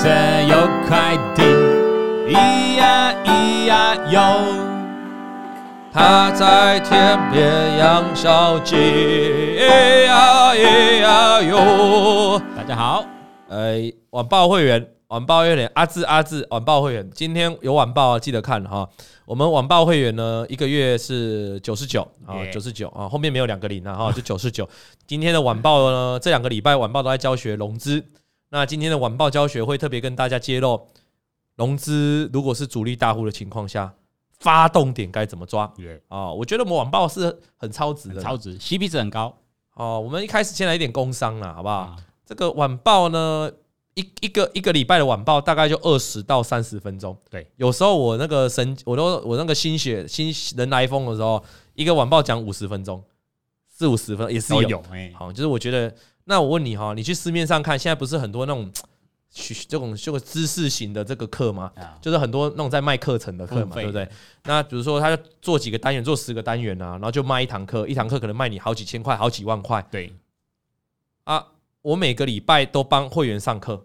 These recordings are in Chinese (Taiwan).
山有塊地，咿呀咿呀喲，他在田邊養小雞，咿呀咿呀喲。大家好，呃，晚報會員，晚報有點阿智阿智。晚報會員，今天有晚報、啊、記得看哈、啊。我們晚報會員呢，一個月是九十九啊，九十九啊，後面沒有兩個零啊，哈、啊，就九十九。 今天的晚報呢，這兩個禮拜晚報都在教學融資。那今天的晚報教學會特別跟大家揭露，融資如果是主力大戶的情況下，發動點該怎麼抓？啊 Yeah.、哦，我覺得我們晚報是很超值的，很超值，CP 值很高。哦，我們一開始先來一點工商啦，好不好？嗯、這個晚報呢，一一個一個禮拜的晚報大概就二十到三十分鐘。對，有時候我那個神，我都我那個心血新人來瘋的時候，一個晚報講五十分鐘，四五十分鐘也是有，好、欸哦，就是我覺得。那我問你哈，你去市面上看，現在不是很多那種，這種這個知識型的這個課嘛，就是很多那種在賣課程的課嘛，對不對？那比如說，他做幾個單元，做十個單元啊，然後就賣一堂課，一堂課可能賣你好幾千塊，好幾萬塊。對。啊，我每個禮拜都幫會員上課，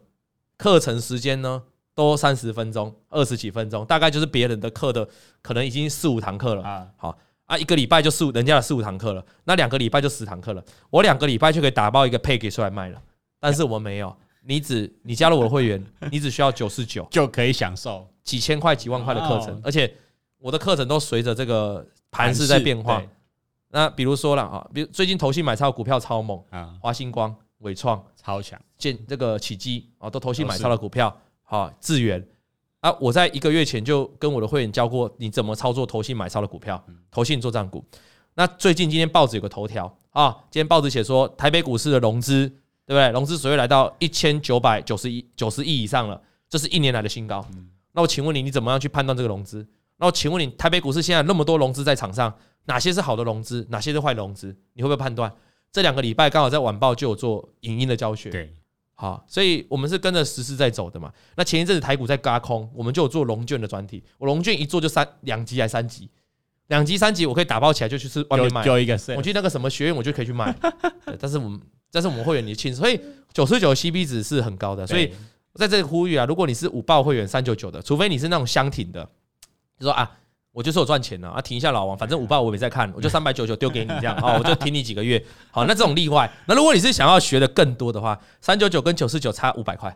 課程時間呢，都三十分鐘，二十幾分鐘，大概就是別人的課的，可能已經四五堂課了啊。好。啊，一個禮拜就四五，人家有四五堂課了，那兩個禮拜就十堂課了。我兩個禮拜就可以打包一個配給出來賣了，但是我沒有。你只你加入我的會員， 你只需要九十九就可以享受幾千塊、幾萬塊的課程，哦、而且我的課程都隨着這個盤勢在變化。那比如說啦啊，比如最近投信買超的股票超猛啊，華星光、偉創超強強、建這個奇蹟啊，都投信買超的股票是啊，智遠。啊！我在一個月前就跟我的會員教過你怎麼操作投信買超的股票，投信做賬股。那最近今天報紙有個頭條啊，今天報紙寫說台北股市的融資，對不對？融資總額來到一千九百九十億、九十億以上了，這是一年來的新高。那我請問你，你怎麼樣去判斷這個融資？那我請問你，台北股市現在那麼多融資在場上，哪些是好的融資，哪些是壞融資？你會不會判斷？這兩個禮拜剛好在晚報就有做影音的教學，對。好，所以我們是跟着時事在走的嘛。那前一陣子台股在軋空，我們就有做融券的專題。我融券一做就三兩集還三集，兩集三集我可以打包起來就去吃外面賣。就一個，我去那個什麼學院，我就可以去賣。 但是我們但是我們會員年輕，所以九十九 CP 值是很高的。對所以我在這裡呼籲啊，如果你是五報會員三九九的，除非你是那種箱挺的，就是、說啊。我就是說我賺錢了啊，啊停一下老王，反正五百我也沒在看，我就三百九十九丟給你這樣啊、 哦，我就停你幾個月。 好，那這種例外，那如果你是想要學的更多的話，三九九跟九四九差五百塊，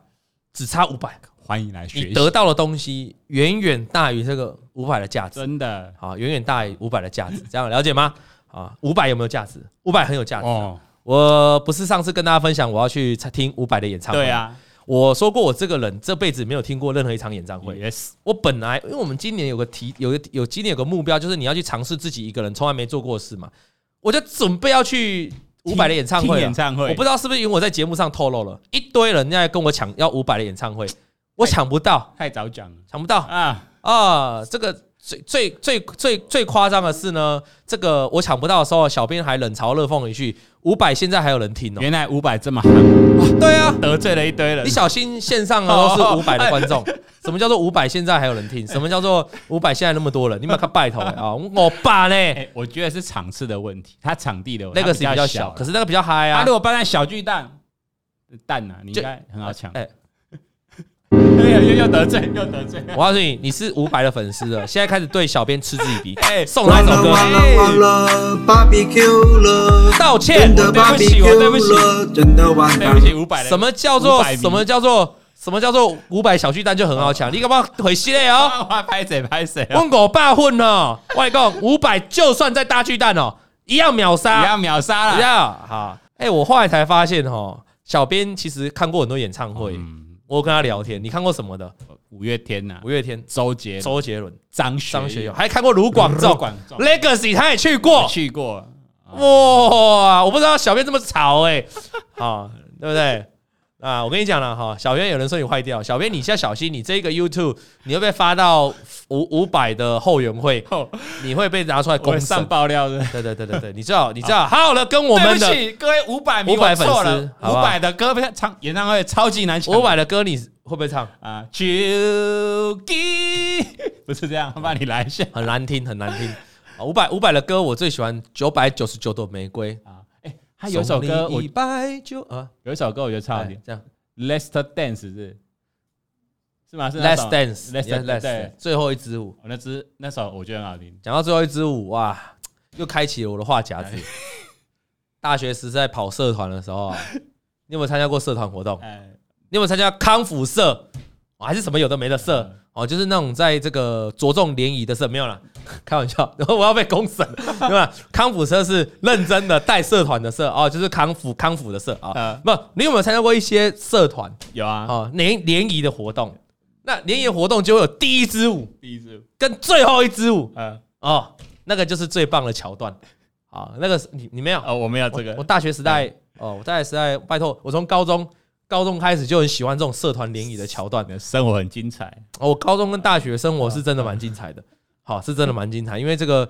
只差五百，歡迎來學。你得到的東西遠遠大於這個五百的價值，真的啊，遠遠、哦、大於五百的價值，這樣了解嗎？啊、 哦，五百有沒有價值？五百很有價值。哦、我不是上次跟大家分享我要去聽伍佰的演唱會，對、啊我說過，我這個人這輩子沒有聽過任何一場演唱會。Yes，我本來因為我們今年有個題，有個有今年有個目標，就是你要去嘗試自己一個人從來沒做過的事嘛，我就準備要去伍佰的演唱會了。演唱會，我不知道是不是因為我在節目上透露了一堆人在跟我搶要伍佰的演唱會，我搶不到太，太早講了，搶不到啊啊，這個。最最最最最誇張的是呢，這個我搶不到的時候，小編還冷嘲熱諷一句：“五百現在還有人聽呢、喔，原來五百這麼嗨。啊”對啊，得罪了一堆人。你小心線上啊，都是五百的觀眾。哦、什麼叫做五百現在還有人聽？哎、什麼叫做五百現在那麼多人？你們看，拜託啊、欸，我爸呢，我覺得是場次的問題，它場地的問題，那個是比較小，較小可是那個比較嗨啊。那、啊、如果搬來小巨蛋，蛋、啊、你應該很好搶。哎呀，又又得罪，又得罪！我告訴你，你是五百的粉絲了，現在開始對小編嗤之以鼻。哎，送他一首歌？完了，完了，完了，完了。道歉，對不起，對不起，對不起，五百。什麼叫做什麼叫做什麼叫做五百小巨蛋就很好搶？你可不要回失禮哦！拍誰？拍誰？問狗爸混哦。外公五百就算在大巨蛋哦，一樣秒殺，一樣秒殺了，一樣好。哎，我後來才發現哦，小編其實看過很多演唱會。我跟他聊天，你看過什麼的？五月天吶、啊，五月天，周杰，周杰倫，張學友，張學友，還看過盧廣仲，Legacy，他也去過，去過，哇、啊哦，我不知道小編這麼潮誒，好，對不對？啊，我跟你講了哈，小淵有人說你壞掉，小淵，你現在小心，你這個 YouTube 你會被發到五五百的後援會？哦、你會被拿出來公上爆料的。對對對對對，你知道你知道，啊、好了，跟我們的起各位五百名五百粉絲，五百的歌不唱演唱會超級難聽。五百的歌你會不會唱啊？九億不是這樣，把、啊、你來一下，很難聽很難聽。五百五百的歌我最喜歡《九百九十九朵玫瑰》啊。還有一首歌，有一首歌我覺得超好聽，這樣《Last Dance》，是是嗎？是《Last Dance》、《Last Dance》，最後一支舞，那支那首我覺得很好聽。講到最後一支舞，哇，又開啟了我的話匣子。大學時在跑社團的時候，你有沒有參加過社團活動？你有沒有參加康輔社？還是什麼有的沒的社？哦，就是那種在這個着重聯誼的社。沒有啦，開玩笑，然後我要被公審對吧？ 康復社是認真的帶社團的社，哦，就是康復康復的社、哦、啊。不，你有沒有參加過一些社團？有啊。哦，聯誼的活動，那聯誼活動就會有第一支舞，第一支舞跟最後一支舞，啊、哦，那個就是最棒的橋段，啊、哦，那個你你沒有啊、哦？我沒有這個，我，我大學時代，嗯、哦，我大學時代拜托，我從高中。高中開始就很喜歡這種社團聯誼的橋段，的生活很精彩，哦。我高中跟大學生活是真的蠻精彩的，哦、好，是真的蠻精彩，因為這個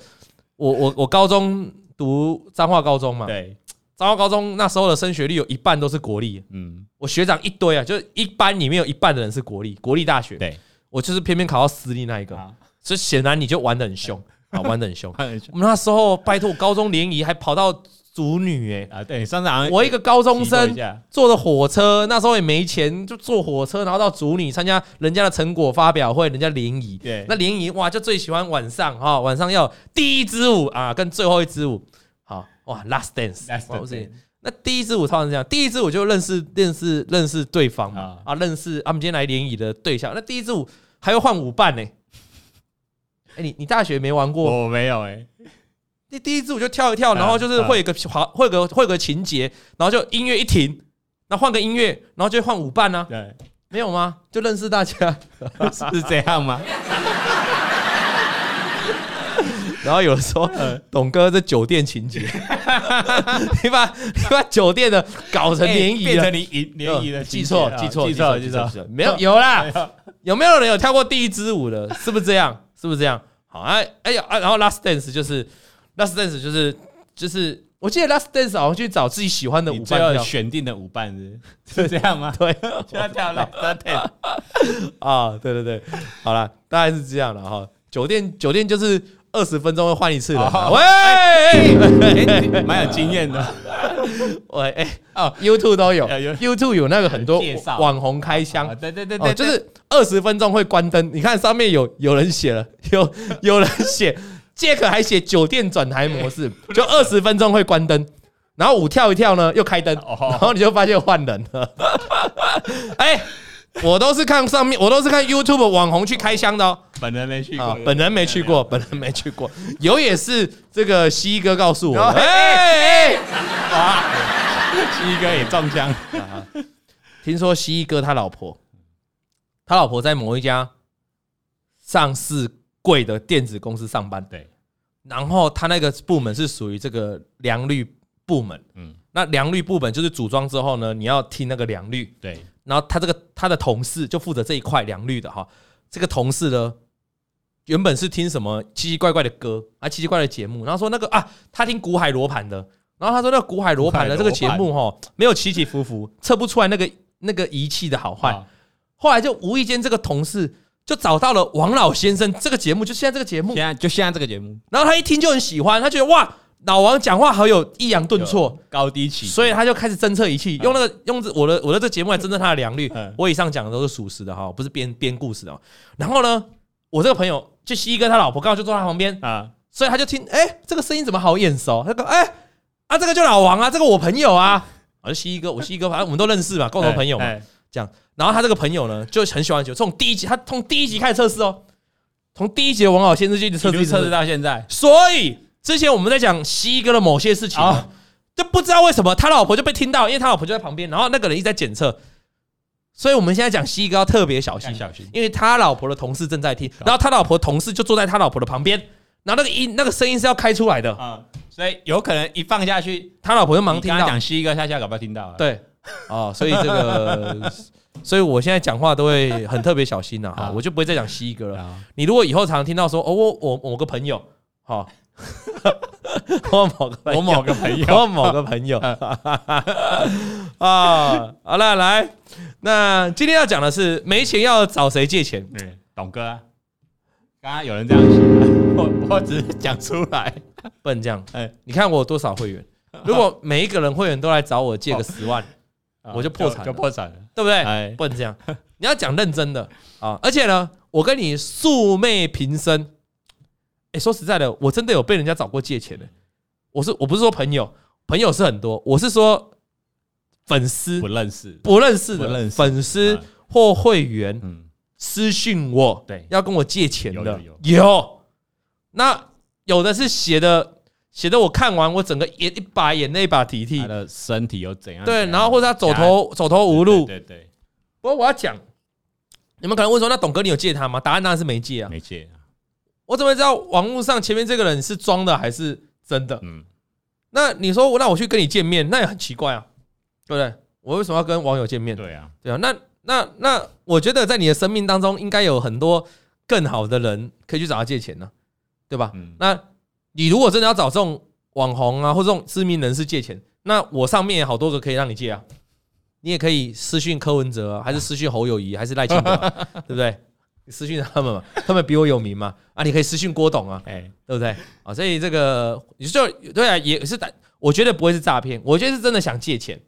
我我我高中讀彰化高中嘛，對，彰化高中那時候的升學率有一半都是國立，嗯，我學長一堆啊，就是一班裡面有一半的人是國立國立大學，對，我就是偏偏考到私立那一個，所以顯然你就玩得很兇啊。對，玩得很兇。 很兇，我們那時候拜託高中聯誼還跑到。主女，哎啊對，上次我一個高中生坐的火車，那時候也沒錢，就坐火車，然後到主女參加人家的成果發表會，人家聯誼。對，那聯誼哇，就最喜歡晚上哈、哦，晚上要第一支舞啊，跟最後一支舞好哇，last dance。Last dance。那第一支舞通常這樣，第一支舞就認識認識認識對方嘛啊，認識、啊、我們今天來聯誼的對象。那第一支舞還要換舞伴呢。哎，你你大學沒玩過？我沒有哎、欸。你第一支舞就跳一跳，然後就是會有個滑，會有個會有個情節，然後就音樂一停，那換個音樂，然後就換舞伴啊。對，沒有嗎？就認識大家。是這樣嗎？然後有的時候，董哥這酒店情節，你把你把酒店的搞成聯誼，變成你迎聯誼的。記錯，記錯，記錯，記錯，沒有有啦。有沒有人有跳過第一支舞的？是不是這樣？是不是這樣？好啊，哎呀啊，然後 Last Dance 就是。Last Dance 就是就是，我記得 Last Dance 好像去找自己喜歡的舞伴，選定的舞伴是是這樣嗎？對，要跳 Last Dance 啊，對對對，好了，大概是這樣了。哈。酒店酒店就是二十分鐘會換一次的。喂，蠻有經驗的。喂哎哦，YouTube 都有，YouTube 有那個很多網紅開箱。對對對對，就是二十分鐘會關燈。你看上面有有人寫了，有有人寫。傑克還寫酒店轉台模式，就二十分鐘會關燈，然後舞跳一跳呢，又開燈，然後你就發現換人了。哎、 欸，我都是看上面，我都是看 YouTube 網紅去開箱的哦。本人沒去過，本人沒去過，啊、本人沒去過，有也是這個蜥蜴哥告訴我的。哎哎、 欸欸，哇，蜥蜴 哥也中槍啊！聽說蜥蜴哥他老婆，他老婆在某一家上市。貴的電子公司上班，對，然後他那個部門是屬於這個良率部門，嗯，那良率部門就是組裝之後呢，你要聽那個良率，對，然後他這個他的同事就負責這一塊良率的哈，這個同事呢，原本是聽什麼奇奇怪怪的歌啊、奇奇怪怪的節目，然後說那個啊，他聽古海羅盤的，然後他說那個古海羅盤的這個節目哈，沒有起起伏伏，測不出來那個那個儀器的好壞，後來就無意間這個同事。就找到了王老先生這個節目，就現在這個節目，就現在這個節目。然後他一聽就很喜歡，他覺得哇，老王講話好有抑揚頓挫，高低起，所以他就開始偵測儀器，啊、用那個用我的我的這個節目來偵測他的良率。啊、我以上講的都是屬實的哈，不是編編故事的。然後呢，我這個朋友就西哥，他老婆剛好就坐他旁邊啊，所以他就聽，哎、欸，這個聲音怎麼好眼熟？他講，哎、欸、啊，這個就老王啊，這個我朋友啊，我是、啊、西哥，我西哥，反正、 啊、我們都認識嘛，共同朋友嘛，啊啊、這樣。然後他這個朋友呢，就很喜歡酒。從第一集，他從第一集開始測試哦，從第一集的王老先生就一直測試測試到現在。所以之前我們在講西哥的某些事情，哦、就不知道為什麼他老婆就被聽到，因為他老婆就在旁邊。然後那個人一直在檢測，所以我們現在講西哥要特別小心，小心，因為他老婆的同事正在聽。然後他老婆同事就坐在他老婆的旁邊，然後那個音那個聲音是要開出來的，哦、所以有可能一放下去，他老婆就忙聽到講西哥，下下搞不要聽到。對，哦，所以這個。 所以我現在講話都會很特別小心吶、啊啊，我就不會再講西哥了。啊、你如果以後常常聽到說，哦，我我某個朋友，我某我某個朋友，我某個朋友，啊，好了，來，那今天要講的是沒錢要找誰借錢？嗯、董哥、啊，剛剛有人這樣講，我我只是講出來，不能這樣。哎，欸、你看我有多少會員？如果每一個人會員都來找我借個十萬。哦我就破產，就破產了，對不對？哎、不能這樣，你要講認真的啊！而且呢，我跟你素昧平生、欸。說實在的，我真的有被人家找過借錢的、欸。我是我不是說朋友，朋友是很多，我是說粉絲不認識不認識的粉絲或會員，私信我，對，要跟我借錢的有。那有的是寫的。寫得我看完，我整個眼一把眼淚，一把鼻涕。他的身體又怎樣？對，然後或者他走投走投無路。對對。不過我要講，你們可能問說，那董哥你有借他嗎？答案當然是沒借啊，沒借啊。我怎麼會知道網絡上前面這個人是裝的還是真的？嗯。那你說我那我去跟你見面，那也很奇怪啊，對不對？我為什麼要跟網友見面？對啊，對啊。那那那，我覺得在你的生命當中，應該有很多更好的人可以去找他借錢呢、啊，對吧？嗯。那。你如果真的要找這種網紅啊，或這種知名人士借錢，那我上面也好多個可以讓你借啊，你也可以私訊柯文哲，啊，還是私訊侯友宜，還是賴清德，啊， 對不對？你私訊他們，他們比我有名嘛？啊，你可以私訊郭董啊，對不對？啊， 所以這個你就對啊，也是，我覺得不會是詐騙，我覺得是真的想借錢，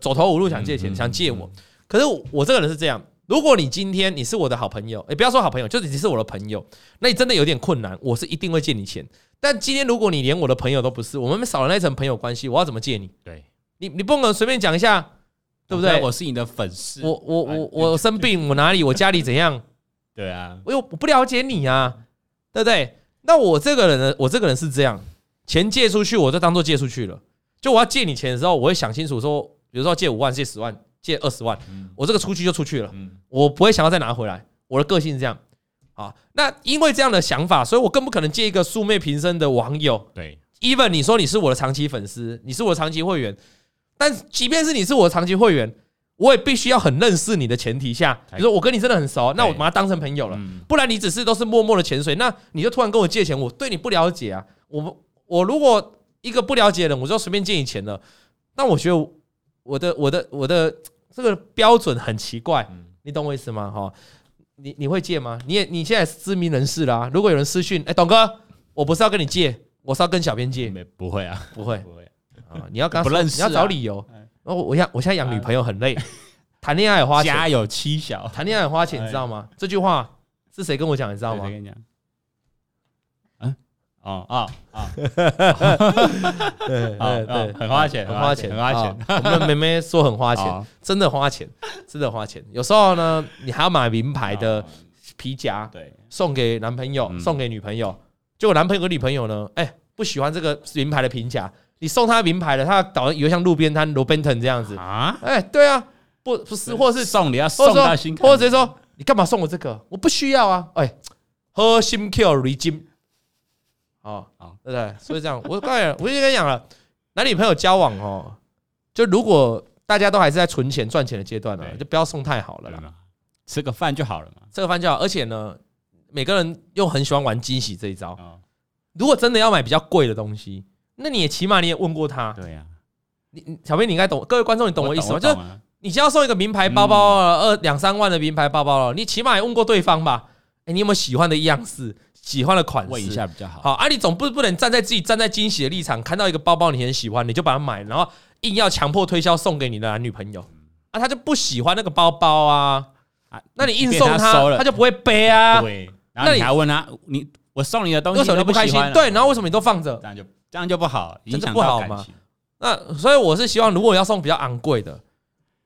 走投無路想借錢，想借我，嗯嗯嗯嗯，可是我我這個人是這樣。如果你今天你是我的好朋友，欸，不要說好朋友，就只是我的朋友，那你真的有點困難，我是一定會借你錢，但今天如果你連我的朋友都不是，我們少了那層朋友關係，我要怎麼借你？對，你你不能隨便講一下，哦，對不對？對，我是你的粉絲，我我我我生病，我哪裡，我家裡怎樣？ 對啊，我又我不了解你啊，對不對？那我這個人呢，我這個人是這樣，錢借出去我就當做借出去了。就我要借你錢的時候，我會想清楚說，比如說借五萬，借十萬。借二十萬，嗯、我這個出去就出去了，嗯、我不會想要再拿回來。我的個性是這樣，啊，那因為這樣的想法，所以我更不可能借一個素昧平生的網友。對，even 你說你是我的長期粉絲，你是我的長期會員，但即便是你是我的長期會員，我也必須要很認識你的前提下。太你說我跟你真的很熟，對那我把它當成朋友了，嗯、不然你只是都是默默的潛水，那你就突然跟我借錢，我對你不了解啊。我我如果一個不了解的人，我就隨便借你錢了，那我覺得。我的我的我的這個標準很奇怪，嗯、你懂我意思嗎？哈、哦，你你會借嗎？你也你現在是知名人士啦、啊，如果有人私訊，哎、欸，董哥，我不是要跟你借，我是要跟小編借。不會啊，不會不會啊，哦、你要跟他不認識、啊，你要找理由。然後我現、啊哦、我，我現在養女朋友很累，啊、談戀愛花錢，家有妻小，談戀愛花錢，你知道嗎？哎、這句話是誰跟我講？你知道嗎？啊啊啊，對對對，很花錢，很花錢，很花錢。我們妹妹說很花錢，真的花錢，真的花錢。有時候呢，你還要買名牌的皮夾，對，送給男朋友，送給女朋友。結果男朋友和女朋友呢，哎，不喜歡這個名牌的皮夾。你送他名牌的，他倒以為像路邊攤羅賓騰這樣子啊？哎，對啊，不，不是，或是送你啊，送或者是說你幹嘛送我這個？我不需要啊！哎，核心 key 好，好，對不對？所以這樣，我剛才我就跟你講了，男女朋友交往哦，就如果大家都還是在存錢、賺錢的階段呢，就不要送太好了啦，吃個飯就好了嘛，吃個飯就好。而且呢，每個人又很喜歡玩驚喜這一招。如果真的要買比較貴的東西，那你也起碼你也問過他。對呀，你小妹，你應該懂。各位觀眾，你懂我意思嗎？就是你先要送一個名牌包包，二兩三萬的名牌包包了，你起碼也問過對方吧？哎，你有沒有喜歡的樣式？喜歡的款式，問一下比較好。好，啊你總不不能站在自己，站在驚喜的立場，看到一個包包你很喜歡，你就把它買，然後硬要強迫推銷送給你的男女朋友，啊，他就不喜歡那個包包啊，啊，那你硬送他，他就不會背啊。那然後你還問他，你我送你的東西你不開心，對，然後為什麼你都放着？這樣就這樣就不好，這樣不好嗎？那所以我是希望，如果要送比較昂貴的，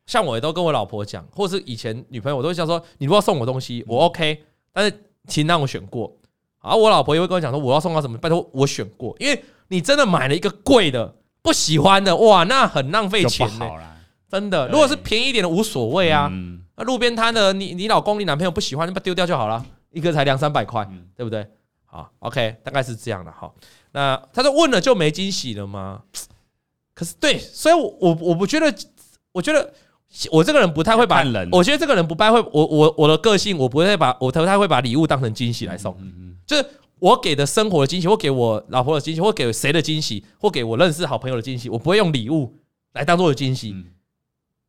像我也都跟我老婆講，或是以前女朋友，我都會想說，你如果送我東西，我 OK，但是請讓我選過。啊，我老婆也會跟我講說，我要送她什麼？拜託我選過，因為你真的買了一個貴的、不喜歡的，哇，那很浪費錢、欸、真的。對如果是便宜一點的，無所謂啊。那、嗯、路邊攤的，你你老公、你男朋友不喜歡，那丟掉就好了，一個才兩三百塊，嗯、對不對？好，OK，大概是這樣的哈。那他說問了就沒驚喜了嗎？可是對，所以我我，我不覺得，我覺得我這個人不太會把，我覺得這個人不太會，我我我的個性，我不會把我不太會把禮物當成驚喜來送。嗯嗯就是我給的生活的驚喜，或給我老婆的驚喜，或給誰的驚喜，或給我認識好朋友的驚喜，我不會用禮物來當做驚喜。嗯、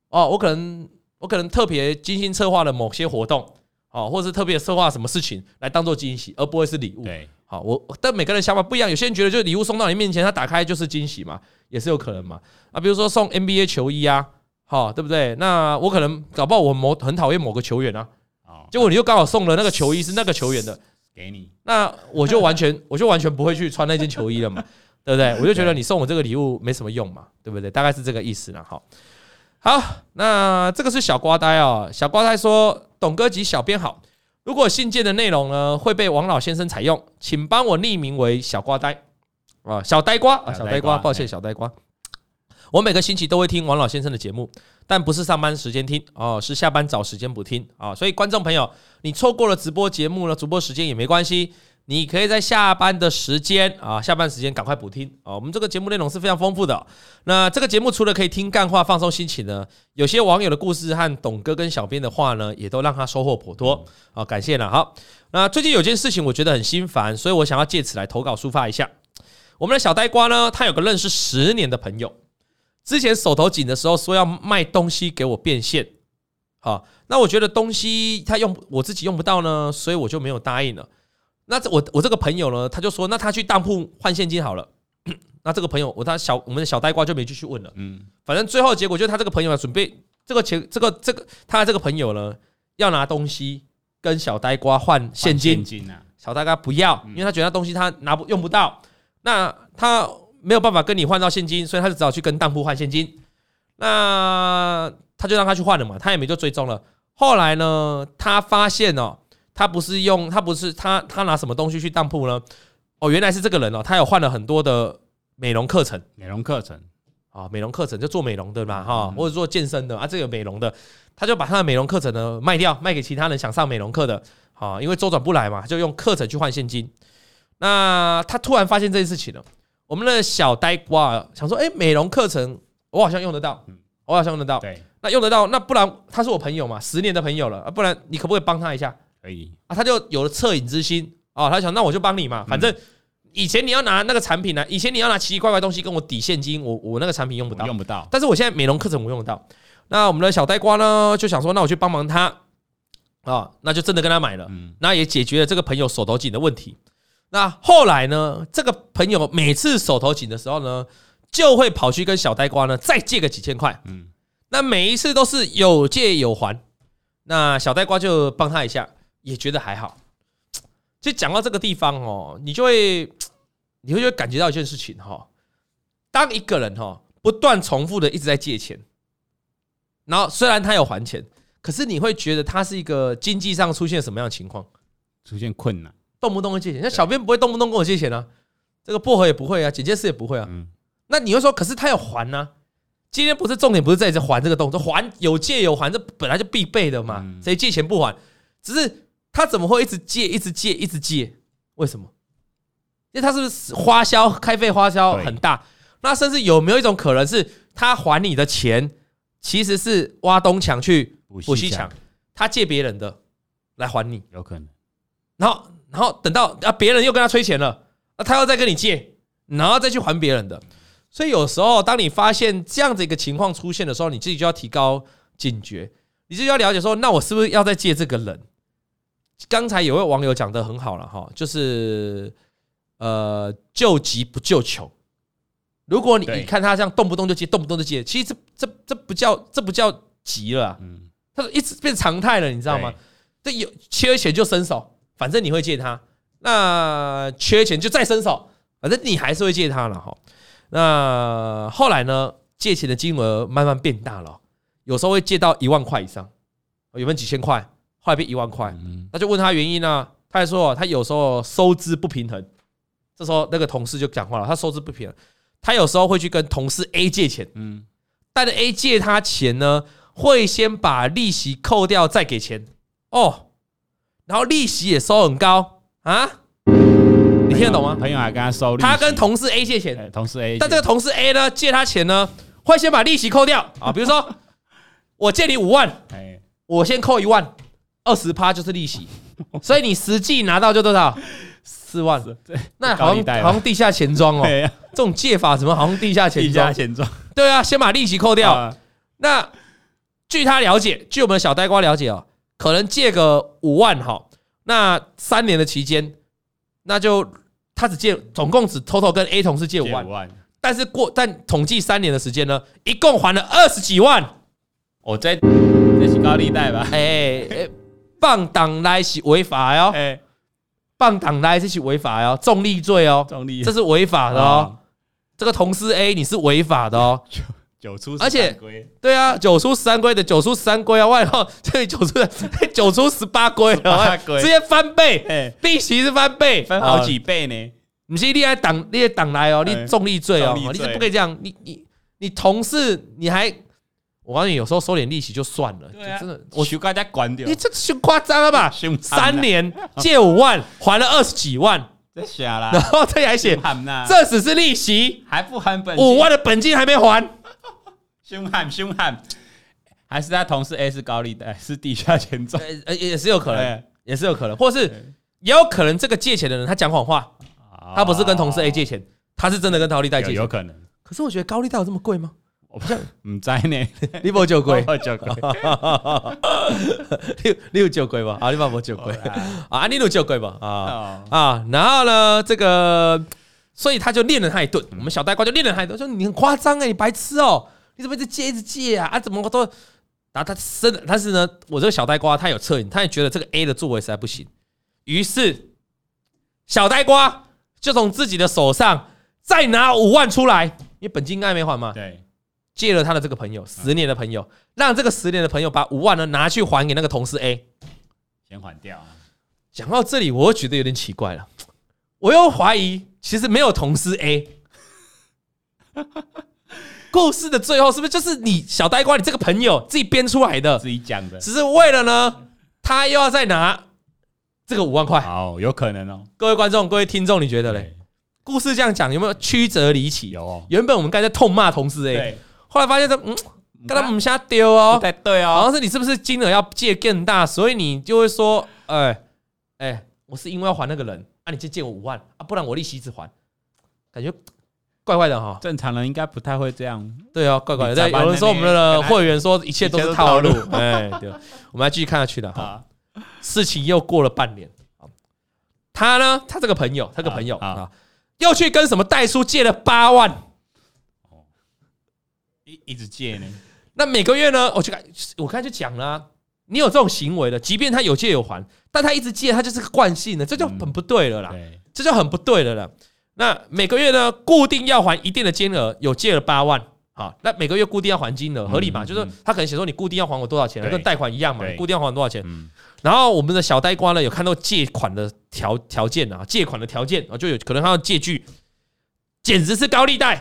哦，我可能我可能特別精心策劃了某些活動，哦，或者是特別策劃什麼事情來當做驚喜，而不會是禮物。對，好、哦，我但每個人想法不一樣，有些人覺得就是禮物送到你面前，他打開就是驚喜嘛，也是有可能嘛。啊，比如說送 NBA 球衣啊，好、哦，對不對？那我可能搞不好我某很，很討厭某個球員啊，啊，哦、結果你又剛好送了那個球衣是那個球員的。是。給你，那我就完全， 我就完全不會去穿那件球衣了嘛，對不對？ 我就覺得你送我這個禮物沒什麼用嘛，對不對？大概是這個意思了。好，好，那這個是小瓜呆哦。小瓜呆說：“董哥及小編好，如果信件的內容呢會被王老先生採用，請幫我匿名為小瓜呆啊， 小呆瓜啊，小呆瓜，抱歉，小呆瓜。嘿 我每個星期都會聽王老先生的節目，但不是上班時間聽哦，是下班找時間不聽啊。所以觀眾朋友。”你錯過了直播節目了，直播時間也沒關係，你可以在下班的時間啊，下班時間趕快補聽啊。我們這個節目內容是非常豐富的啊。那這個節目除了可以聽幹話放鬆心情呢，有些網友的故事和董哥跟小編的話呢，也都讓他收穫頗多，好啊，感謝了。好，那最近有件事情我覺得很心煩，所以我想要借此來投稿抒發一下。我們的小呆瓜呢，他有個認識十年的朋友，之前手頭緊的時候說要賣東西給我變現。好，那我覺得東西他用我自己用不到呢，所以我就沒有答應了。那這我我這個朋友呢，他就說，那他去當鋪換現金好了。 那這個朋友，我他小我們的小呆瓜就沒繼續問了。嗯，反正最後結果就他這個朋友啊，準備這個錢，這個這個、這個、他這個朋友呢，要拿東西跟小呆瓜換現金。現金啊，小呆瓜不要，嗯，因為他覺得那東西他拿不用不到，那他沒有辦法跟你換到現金，所以他就只好去跟當鋪換現金。那他就讓他去換了嘛，他也沒就追蹤了。後來呢，他發現哦、喔，他不是用，他不是他，他拿什麼東西去當鋪呢？哦，原來是這個人哦、喔，他有換了很多的美容課程，美容課程啊，美容課程就做美容的嘛哈，嗯、或者做健身的啊，這個美容的，他就把他的美容課程呢賣掉，賣給其他人想上美容課的啊，因為週轉不來嘛，就用課程去換現金。那他突然發現這件事情了，我們的小呆瓜想說、欸，誒美容課程我好像用得到。嗯我好像用得到，對，那用得到，那不然他是我朋友嘛，十年的朋友了，不然你可不可以幫他一下？可以啊，他就有了惻隱之心啊、哦，他就想那我就幫你嘛，反正以前你要拿那個產品呢、啊，以前你要拿奇奇怪怪東西跟我抵現金，我我那個產品用不到，用不到，但是我現在美容課程我用得到。那我們的小呆瓜呢就想說，那我去幫忙他啊、哦，那就真的跟他買了，那也解決了這個朋友手頭緊的問題。那後來呢，這個朋友每次手頭緊的時候呢，就會跑去跟小呆瓜呢再借個幾千塊，嗯，那每一次都是有借有還，那小呆瓜就幫他一下，也覺得還好。就講到這個地方哦，你就會你就會就感覺到一件事情哈、哦，當一個人哈、哦、不斷重複的一直在借錢，然後雖然他有還錢，可是你會覺得他是一個經濟上出現什麼樣的情況？出現困難，動不動就借錢。對那小編不會動不動跟我借錢啊，這個薄荷也不會啊，剪接師也不會啊，嗯。那你又說，可是他要還呢、啊？今天不是重點，不是在一直還這個動作，還有借有還，這本來就必備的嘛。誰借錢不還？只是他怎麼會一直借、一直借、一直借？為什麼？因為他是不是花銷、開費、花銷很大？那甚至有沒有一種可能是，他還你的錢，其實是挖東牆去補西牆？他借別人的來還你，有可能。然後，然後等到啊，別人又跟他催錢了，那他又再跟你借，然後再去還別人的。所以有時候，當你發現這樣子一個情況出現的時候，你自己就要提高警覺，你就要了解說，那我是不是要再借這個人？剛才有位網友講得很好了哈，就是呃，救急不救窮。如果你，你看他這樣動不動就借，動不動就借，其實這這這不叫這不叫急了啊，他說一直變常態了，你知道嗎？這有缺錢就伸手，反正你會借他；那缺錢就再伸手，反正你還是會借他了哈。那後來呢？借錢的金額慢慢變大了喔，有時候會借到一萬塊以上，原本幾千塊，後來變一萬塊。那就問他原因呢？他還說他有時候收支不平衡。這時候那個同事就講話了，他收支不平衡。他有時候會去跟同事 A 借錢。嗯，但是 A 借他錢呢，會先把利息扣掉再給錢哦，然後利息也收很高啊。你聽得懂嗎？朋友還跟他收利息，他跟同事 A 借錢，同事 A，但這個同事 A 呢，借他錢呢，會先把利息扣掉啊。比如說我借你五萬，我先扣一萬，二十趴就是利息，所以你實際拿到就多少四萬。對，那好像好像地下錢莊哦，這種借法什麼好像地下錢莊，地下錢莊，對啊，先把利息扣掉。那據他了解，據我們的小呆瓜了解哦，可能借個五萬哈，那三年的期間。那就他只借，總共只偷偷跟 A 同事借五萬，萬但是過但統計三年的時間呢，一共還了二十幾萬。我、哦、在這，這是高利貸吧？哎、欸欸，放貸是違法喲、喔！哎、欸，放貸這是違法喲、喔，重利罪哦、喔。重利力這是違法的哦、喔。啊、這個同事 A，你是違法的哦、喔。九出，而且對啊，九出十三歸的九出十三歸啊，外號對九出九出十八歸啊，直接翻倍，利息是翻倍，翻好幾倍呢。你是立個檔，立個檔來哦，你重利罪哦，你不可以這樣，你你同事你還，我告訴你，有時候收點利息就算了，真的，我求大家關掉。你這太誇張了吧？三年借五萬，還了二十幾萬，這寫了，然後這還寫，這只是利息，還不含本金，五萬的本金還沒還。凶悍凶悍，還是他同事 A 是高利貸，是地下錢莊，也是有可能，也是有可能，或是也有可能這個借錢的人他講謊話，他不是跟同事 A 借錢，他是真的跟高利貸借錢，有可能。可是我覺得高利貸有這麼貴嗎？我不知，不知道呢。你無叫貴，叫貴，你你有叫貴不？啊，你冇冇叫貴？啊，你有叫貴不？啊啊，然後呢，這個，所以他就念了他一頓。我們小呆瓜就念了他一頓，說你很誇張哎，你白痴哦。你怎麼一直借一直借啊？啊，怎麼都……然後他真的，但是呢，我這個小呆瓜他有惻隱，他也覺得這個 A 的作為實在不行，於是小呆瓜就從自己的手上再拿五萬出來，你本金應該沒還嘛。對，借了他的這個朋友十年的朋友，嗯、讓這個十年的朋友把五萬呢拿去還給那個同事 A，先還掉。啊，講到這裡，我覺得有點奇怪了，我又懷疑其實沒有同事 A。哈哈哈。故事的最後是不是就是你小呆瓜，你這個朋友自己編出來的，自己講的，只是為了呢，他又要再拿這個五萬塊，好有可能哦。各位觀眾，各位聽眾，你覺得嘞？對故事這樣講有沒有曲折離奇？有、哦，原本我們剛才在痛罵同事哎、欸，對，後來發現這，嗯，剛他我們瞎丟哦，不太對哦，對哦，好像是你是不是金額要借更大，所以你就會說，哎、欸、哎、欸，我是因為要還那個人，啊，你就借我五萬啊，不然我利息一直還，感覺。怪怪的哈，正常人應該不太會這樣。對啊，怪怪的。但有人說我們的會員說一切都是套路，哎，對。我們來繼續看下去的哈，事情又過了半年。他呢，他這個朋友，他這個朋友啊，又去跟什麼代書借了八萬。哦，一一直借呢？那每個月呢？我這個我剛才就講了，你有這種行為的，即便他有借有還，但他一直借，他就是個慣性的，這就很不對了啦，這就很不對了啦。那每個月呢，固定要還一定的金額，有借了八萬，好，那每個月固定要還金額合理嘛？嗯、就是他可能寫說你固定要還我多少錢，對跟貸款一樣嘛，對你固定要還多少錢。嗯、然後我們的小呆瓜呢，有看到借款的條條件啊，借款的條件啊，就有可能他要借據，簡直是高利貸。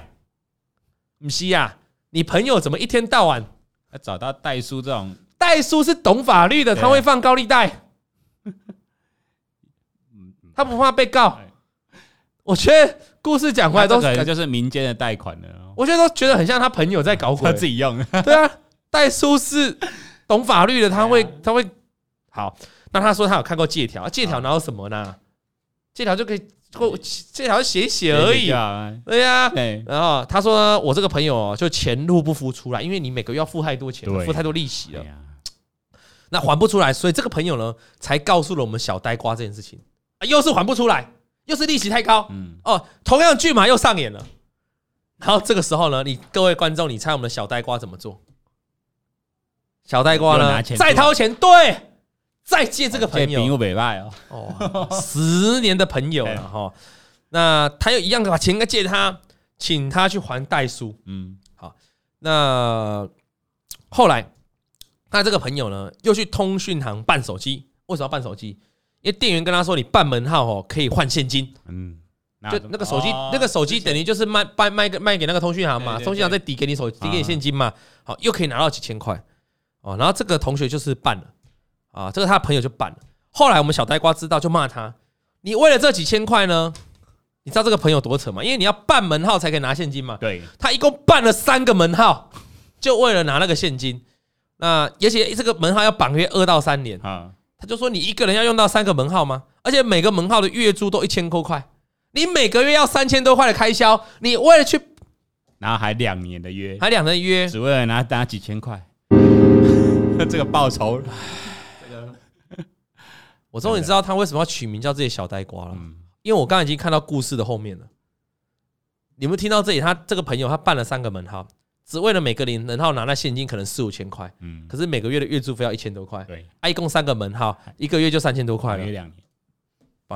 不是呀、啊，你朋友怎麼一天到晚還找到代書這種？代書是懂法律的，他會放高利貸，對 他不怕被告。欸我覺得故事講回來都是就是民間的貸款了。我覺得都覺得很像他朋友在搞鬼自己用。對啊，代書是懂法律的，他會他會好。那他說他有看過借條，借條然後什麼呢？借條就可以借借條寫寫而已。對呀、啊，然後他說我這個朋友就錢入不敷出來，因為你每個月要付太多錢，付太多利息了。那還不出來，所以這個朋友呢才告訴了我們小呆瓜這件事情、啊，又是還不出來。又是利息太高，嗯、哦，同樣的劇碼又上演了。好，這個時候呢，你各位觀眾，你猜我們的小呆瓜怎麼做？小呆瓜呢？再掏錢？對，再借這個朋友。北拜哦，十年的朋友了哈。那他又一樣的把錢再借他，請他去還代書。嗯，好。那後來，他這個朋友呢，又去通訊行辦手機。為什麼要辦手機？因為店員跟他說：“你辦門號哦，可以換現金。”嗯，就那個手機，那個手機等於就是賣賣賣賣給那個通訊行嘛，通訊行再抵給你手，抵給你現金嘛。好，又可以拿到幾千塊哦。然後這個同學就是辦了啊，這個他朋友就辦了。後來我們小呆瓜知道就罵他：“你為了這幾千塊呢？你知道這個朋友多扯嗎？因為你要辦門號才可以拿現金嘛。”對，他一共辦了三個門號，就為了拿那個現金。那而且這個門號要綁約二到三年啊。他就說：“你一個人要用到三個門號嗎？而且每個門號的月租都一千多塊，你每個月要三千多塊的開銷，你為了去，然後還兩年的約，還兩年的約，只為了拿拿幾千塊， 這個報酬， 我終於知道他為什麼要取名叫這些小呆瓜了。嗯、因為我剛已經看到故事的後面了，你們聽到這裡，他這個朋友他辦了三個門號。”只為了每個門號然後拿那現金可能四五千塊，嗯，可是每個月的月租費要一千多塊，對，啊，一共三個門號，一個月就三千多塊了，綁一年兩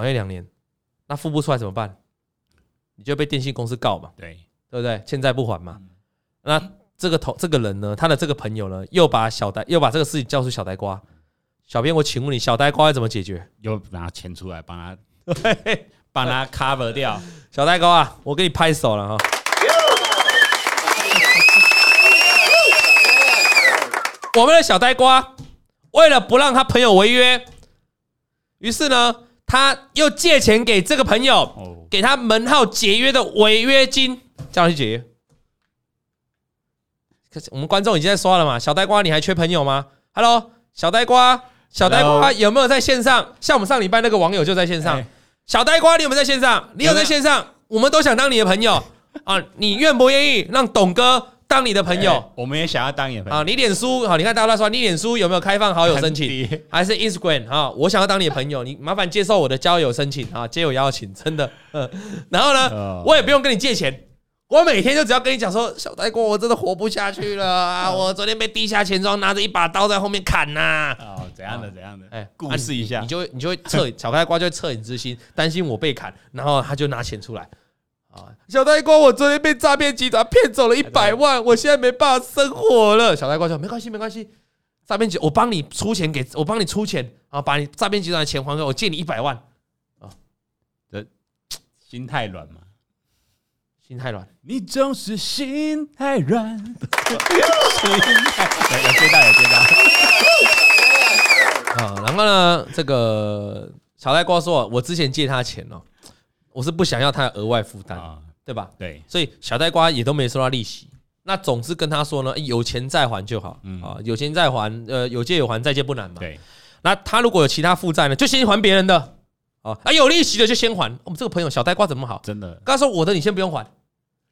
年，一兩年，那付不出來怎麼辦？你就被電信公司告嘛，對，對不對？欠債不還嘛，嗯、那這個頭這個人呢，他的這個朋友呢，又把小呆又把這個事情交出小呆瓜，小編我請問你，小呆瓜要怎麼解決？又拿錢出來把他， 把他 cover 掉， 小呆瓜啊，我給你拍手了啊。 我們的小呆瓜為了不讓他朋友違約，於是呢，他又借錢給這個朋友，給他門號解約的違約金，這樣去解約。可是我們觀眾已經在刷了嘛？小呆瓜，你還缺朋友嗎？Hello，小呆瓜，小呆瓜有沒有在線上？像我們上禮拜那個網友就在線上。小呆瓜，你有沒有在線上？你有在線上？我們都想當你的朋友啊，你願不願意讓董哥？當你的朋友，欸，我們也想要當你的朋友。啊，你臉書好，你看大家都在說你臉書有沒有開放好友申請？低還是 Instagram？啊，我想要當你的朋友，你麻煩接受我的交友申請啊，接我邀請，真的。呃、然後呢，哦，我也不用跟你借錢，欸，我每天就只要跟你講說，小呆瓜，我真的活不下去了，哦，啊！我昨天被地下錢莊拿着一把刀在後面砍吶，啊！啊，哦，怎樣的，啊，怎樣的？哎，欸，故事一下，啊，你就你就會惻小呆瓜就會惻隱之心，擔 心我被砍，然後他就拿錢出來。小呆瓜，我昨天被詐騙集團騙走了一百萬，我現在沒辦法生活了。小呆瓜說：“沒關係，沒關係，詐騙集，我幫你出錢給，我幫你出錢啊，把你詐騙集團的錢還給我，借你一百萬啊。”這心太軟嘛，心太軟。你總是心太軟。有大有接待有接待。啊，然後呢，這個小呆瓜說，我之前借他錢喔。我是不想要他額外負擔，啊、對吧？對，所以小呆瓜也都沒收到利息。那總是跟他說呢，有錢再還就好，啊，嗯、有錢再還，呃，有借有還，再借不難嘛。對，那他如果有其他負債呢，就先還別人的啊，啊，有利息的就先還。我、哦、們這個朋友小呆瓜怎麼好？真的，他說我的你先不用還，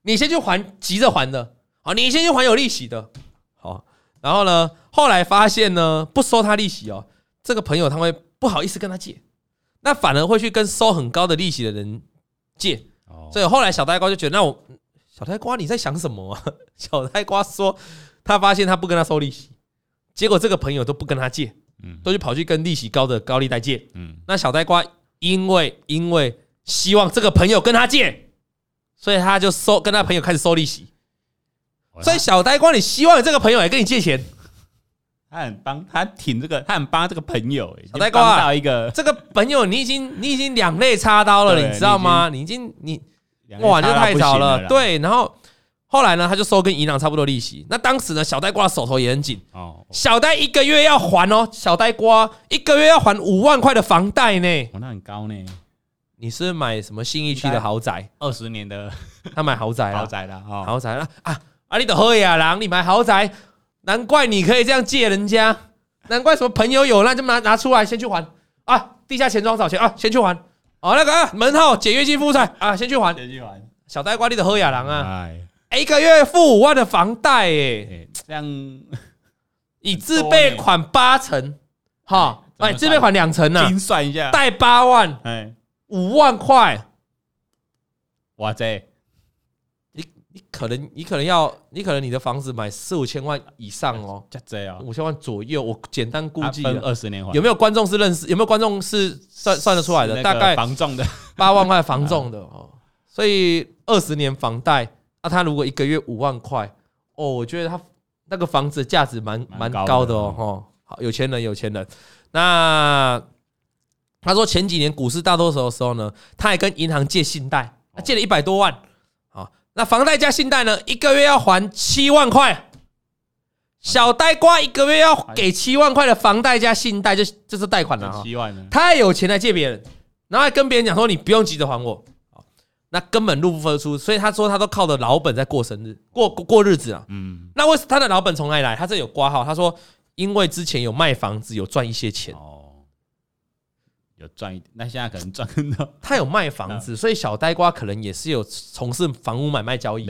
你先去還急着還的，啊，你先去還有利息的，好。然後呢，後來發現呢，不收他利息哦，這個朋友他會不好意思跟他借，那反而會去跟收很高的利息的人借，所以後來小呆瓜就覺得，那我小呆瓜你在想什麼啊？小呆瓜說，他發現他不跟他收利息，結果這個朋友都不跟他借，嗯，都去跑去跟利息高的高利貸借，嗯，那小呆瓜因為因為希望這個朋友跟他借，所以他就收跟他朋友開始收利息，所以小呆瓜你希望這個朋友也跟你借錢。他很幫，他挺這個，他很幫這個朋友。小呆瓜，一個代 這個朋友，你已經你已經兩肋插刀了，對 你知道嗎？你，已你已經你哇，這太早了。對，然後後來呢，他就收跟銀行差不多利息。那當時呢，小呆瓜手頭也很緊哦。小呆一個月要還哦、喔，小呆瓜一個月要還五、喔、萬塊的房貸呢。那很高呢。你是，是買什麼信義區的豪宅？二十年的，他買豪宅啊，豪宅的啊，豪宅啊啊！阿力都好呀，狼，你買豪宅。難怪你可以這樣借人家，難怪什麼朋友有難就拿拿出來先去還啊！地下錢莊找錢啊！先去還哦，那個啊門號解約金負債啊！先去還，先去還，小呆瓜，你的何亞郎啊，啊啊哎、欸、一個月付五萬的房貸哎、欸欸，這樣以自備款八成，欸、哈，哎，自備款兩成呢、啊？精算一下，貸八萬，哎嘿，五萬塊，哇塞！可能你可能要，你可能你的房子買四五千萬以上哦、喔，五千萬左右，我簡單估計，二十年有沒有觀眾是認識？有沒有觀眾是算算得出來的？大概房重的八萬塊房重的哦，所以二十年房貸，那他如果一個月五萬塊，哦，我覺得他那個房子價值蠻蠻高的哦，哈，好有錢人，有錢人。那他說前幾年股市大豐收的時候呢，他還跟銀行借信貸，借了一百多萬。那房貸加信貸呢？一個月要還七萬塊，小呆瓜一個月要給七萬塊的房貸加信貸，就就是貸款了。他也有錢來借別人，然後還跟別人講說你不用急着還我，那根本入不敷出。所以他說他都靠着老本在過生日、過過日子啊。那為什麼他的老本從哪裡來？他這有掛號，他說因為之前有賣房子有賺一些錢。賺一點，那現在可能賺更多。他有賣房子，所以小呆瓜可能也是有從事房屋買賣交易，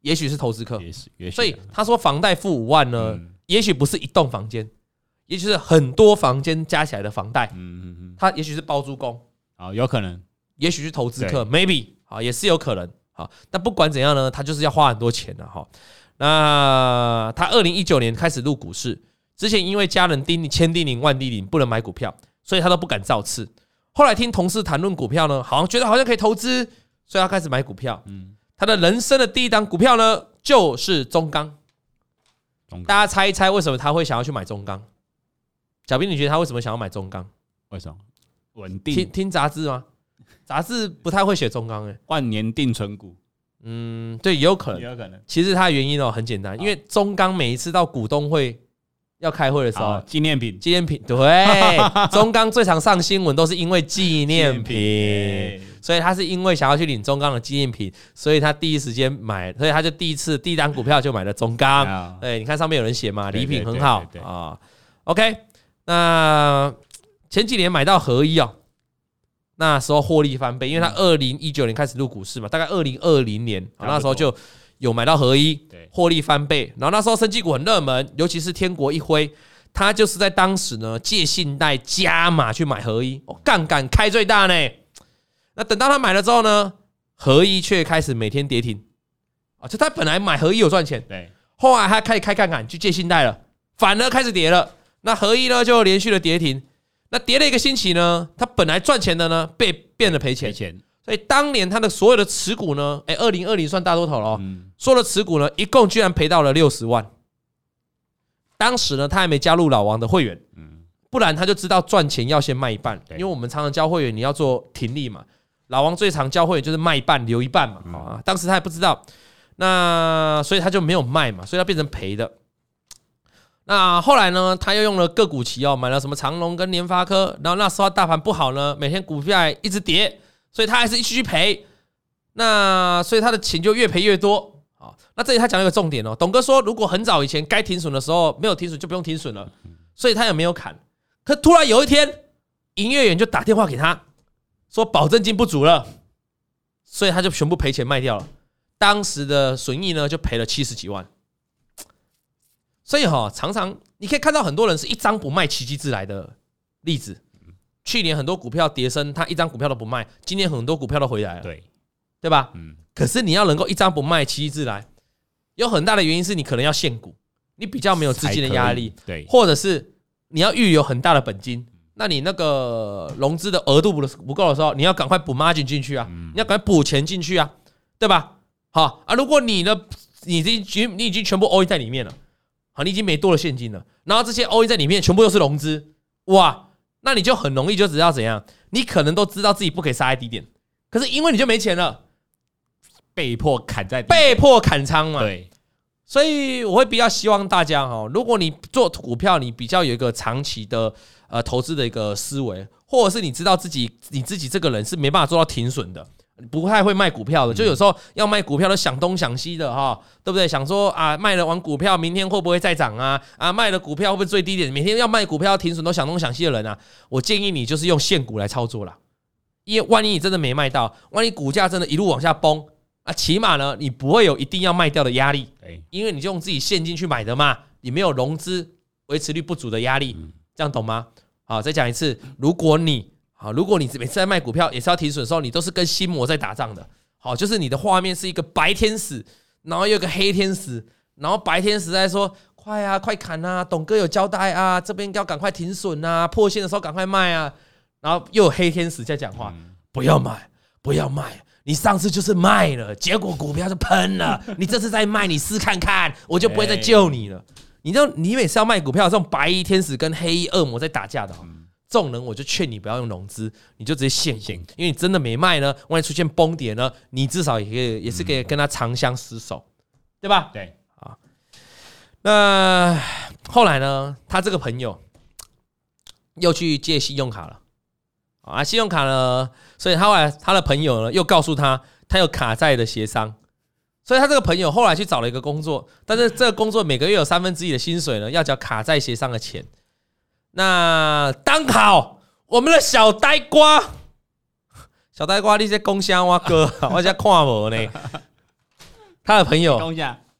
也許是投資客，也所以他說房貸付五萬呢，也許不是一棟房間，也許是很多房間加起來的房貸。嗯嗯嗯，他也許是包租公啊，有可能，也許是投資客，maybe 啊，也是有可能啊。但不管怎樣呢，他就是要花很多錢的哈。那他二零一九年開始入股市，之前因為家人叮嚀千叮嚀萬叮嚀，不能買股票。所以他都不敢造次。後來聽同事談論股票呢，好像覺得好像可以投資，所以他開始買股票。嗯，他的人生的第一檔股票呢，就是中鋼。中鋼。大家猜一猜為什麼他會想要去買中鋼？小兵，你覺得他為什麼想要買中鋼？為什麼？穩定？聽聽雜誌嗎？雜誌不太會寫中鋼欸。萬年定存股。嗯，對，有可能，有可能。其實他的原因哦很簡單，好。因為中鋼每一次到股東會。要開會的時候，紀念品，紀念品，對，中鋼最常上新聞都是因為紀念品，所以他是因為想要去領中鋼的紀念品，所以他第一時間買，所以他就第一次第一檔股票就買了中鋼。對，你看上面有人寫嘛，禮品很好啊。OK，那前幾年買到合一哦，喔，那時候獲利翻倍，因為他二零一九年開始入股市嘛，大概二零二零年那時候就。有買到合一，獲利翻倍。對然後那時候生技股很熱門，尤其是天國一輝，他就是在當時呢借信貸加碼去買合一，槓、哦、桿開最大呢。那等到他買了之後呢，合一卻開始每天跌停啊！就他本來買合一有賺錢，對，後來他開始開槓桿去借信貸了，反而開始跌了。那合一呢就連續的跌停，那跌了一個星期呢，他本來賺錢的呢，被變得賠錢。賠錢所以當年他的所有的持股呢，哎，二零二零算大多頭了，所有的持股呢，一共居然賠到了六十萬。當時呢，他還沒加入老王的會員，嗯，不然他就知道賺錢要先賣一半，因為我們常常教會員你要做停利嘛，老王最常教會員就是賣一半留一半嘛，啊，當時他還不知道，那所以他就沒有賣嘛，所以他變成賠的。那後來呢，他又用了個股期哦，買了什麼長榮跟聯發科，然後那時候大盤不好呢，每天股票一直跌。所以他還是一繼續賠，那所以他的錢就越賠越多啊。那這裡他講了一個重點哦，董哥說，如果很早以前該停損的時候沒有停損，就不用停損了，所以他也沒有砍。可突然有一天，營業員就打電話給他，說保證金不足了，所以他就全部賠錢賣掉了。當時的損益呢，就賠了七十幾萬。所以齁，常常你可以看到很多人是一張不賣奇蹟自來的例子。去年很多股票跌升，他一張股票都不賣。今年很多股票都回來了，對，對吧？嗯。可是你要能夠一張不賣，一次來，有很大的原因是你可能要現股，你比較沒有資金的壓力，對，或者是你要預留很大的本金，那你那個融資的額度不不夠的時候，你要趕快補 margin 進去啊，嗯、你要趕快補錢進去啊，對吧？好啊，如果你的你已經全你已經全部 all in 在裡面了，好，你已經沒多的現金了，然後這些 all in 在裡面全部又是融資，哇！那你就很容易就知道怎樣，你可能都知道自己不可以殺在低點，可是因為你就沒錢了，被迫砍在被迫砍倉嘛。對，所以我會比較希望大家哈，如果你做股票，你比較有一個長期的呃投資的一個思維，或者是你知道自己你自己這個人是沒辦法做到停損的。不太會賣股票的，就有時候要賣股票都想東想西的哈，對不對？想說啊，賣了完股票，明天會不會再漲啊？啊，賣了股票會不會最低點？每天要賣股票停損都想東想西的人啊，我建議你就是用現股來操作啦，因為萬一你真的沒賣到，萬一股價真的一路往下崩啊，起碼呢你不會有一定要賣掉的壓力，因為你就用自己現金去買的嘛，你沒有融資維持率不足的壓力，這樣懂嗎？好，再講一次，如果你。啊，如果你每次在賣股票也是要停損的時候，你都是跟心魔在打仗的。好，就是你的畫面是一個白天使，然後有個黑天使，然後白天使在說：“快啊，快砍啊，董哥有交代啊，這邊要趕快停損啊，破線的時候趕快賣啊。”然後又有黑天使在講話：“嗯、不要賣，不要賣，你上次就是賣了，結果股票就噴了。 你這次再賣，你試看看，我就不會再救你了。欸”你知道，你每次要賣股票，這種白衣天使跟黑衣惡魔在打架的。送人，我就勸你不要用融資，你就直接現金，因為你真的沒賣呢，萬一出現崩跌呢，你至少也可以，也是可以跟他長相廝守，對吧？對啊。那後來呢，他這個朋友又去借信用卡了啊，信用卡呢，所以他後來他的朋友呢又告訴他，他有卡債的協商，所以他這個朋友後來去找了一個工作，但是這個工作每個月有三分之一的薪水呢要繳卡債協商的錢。那剛好，我們的小呆瓜，小呆瓜，你在公箱我哥，啊、我在這看我呢。他的朋友，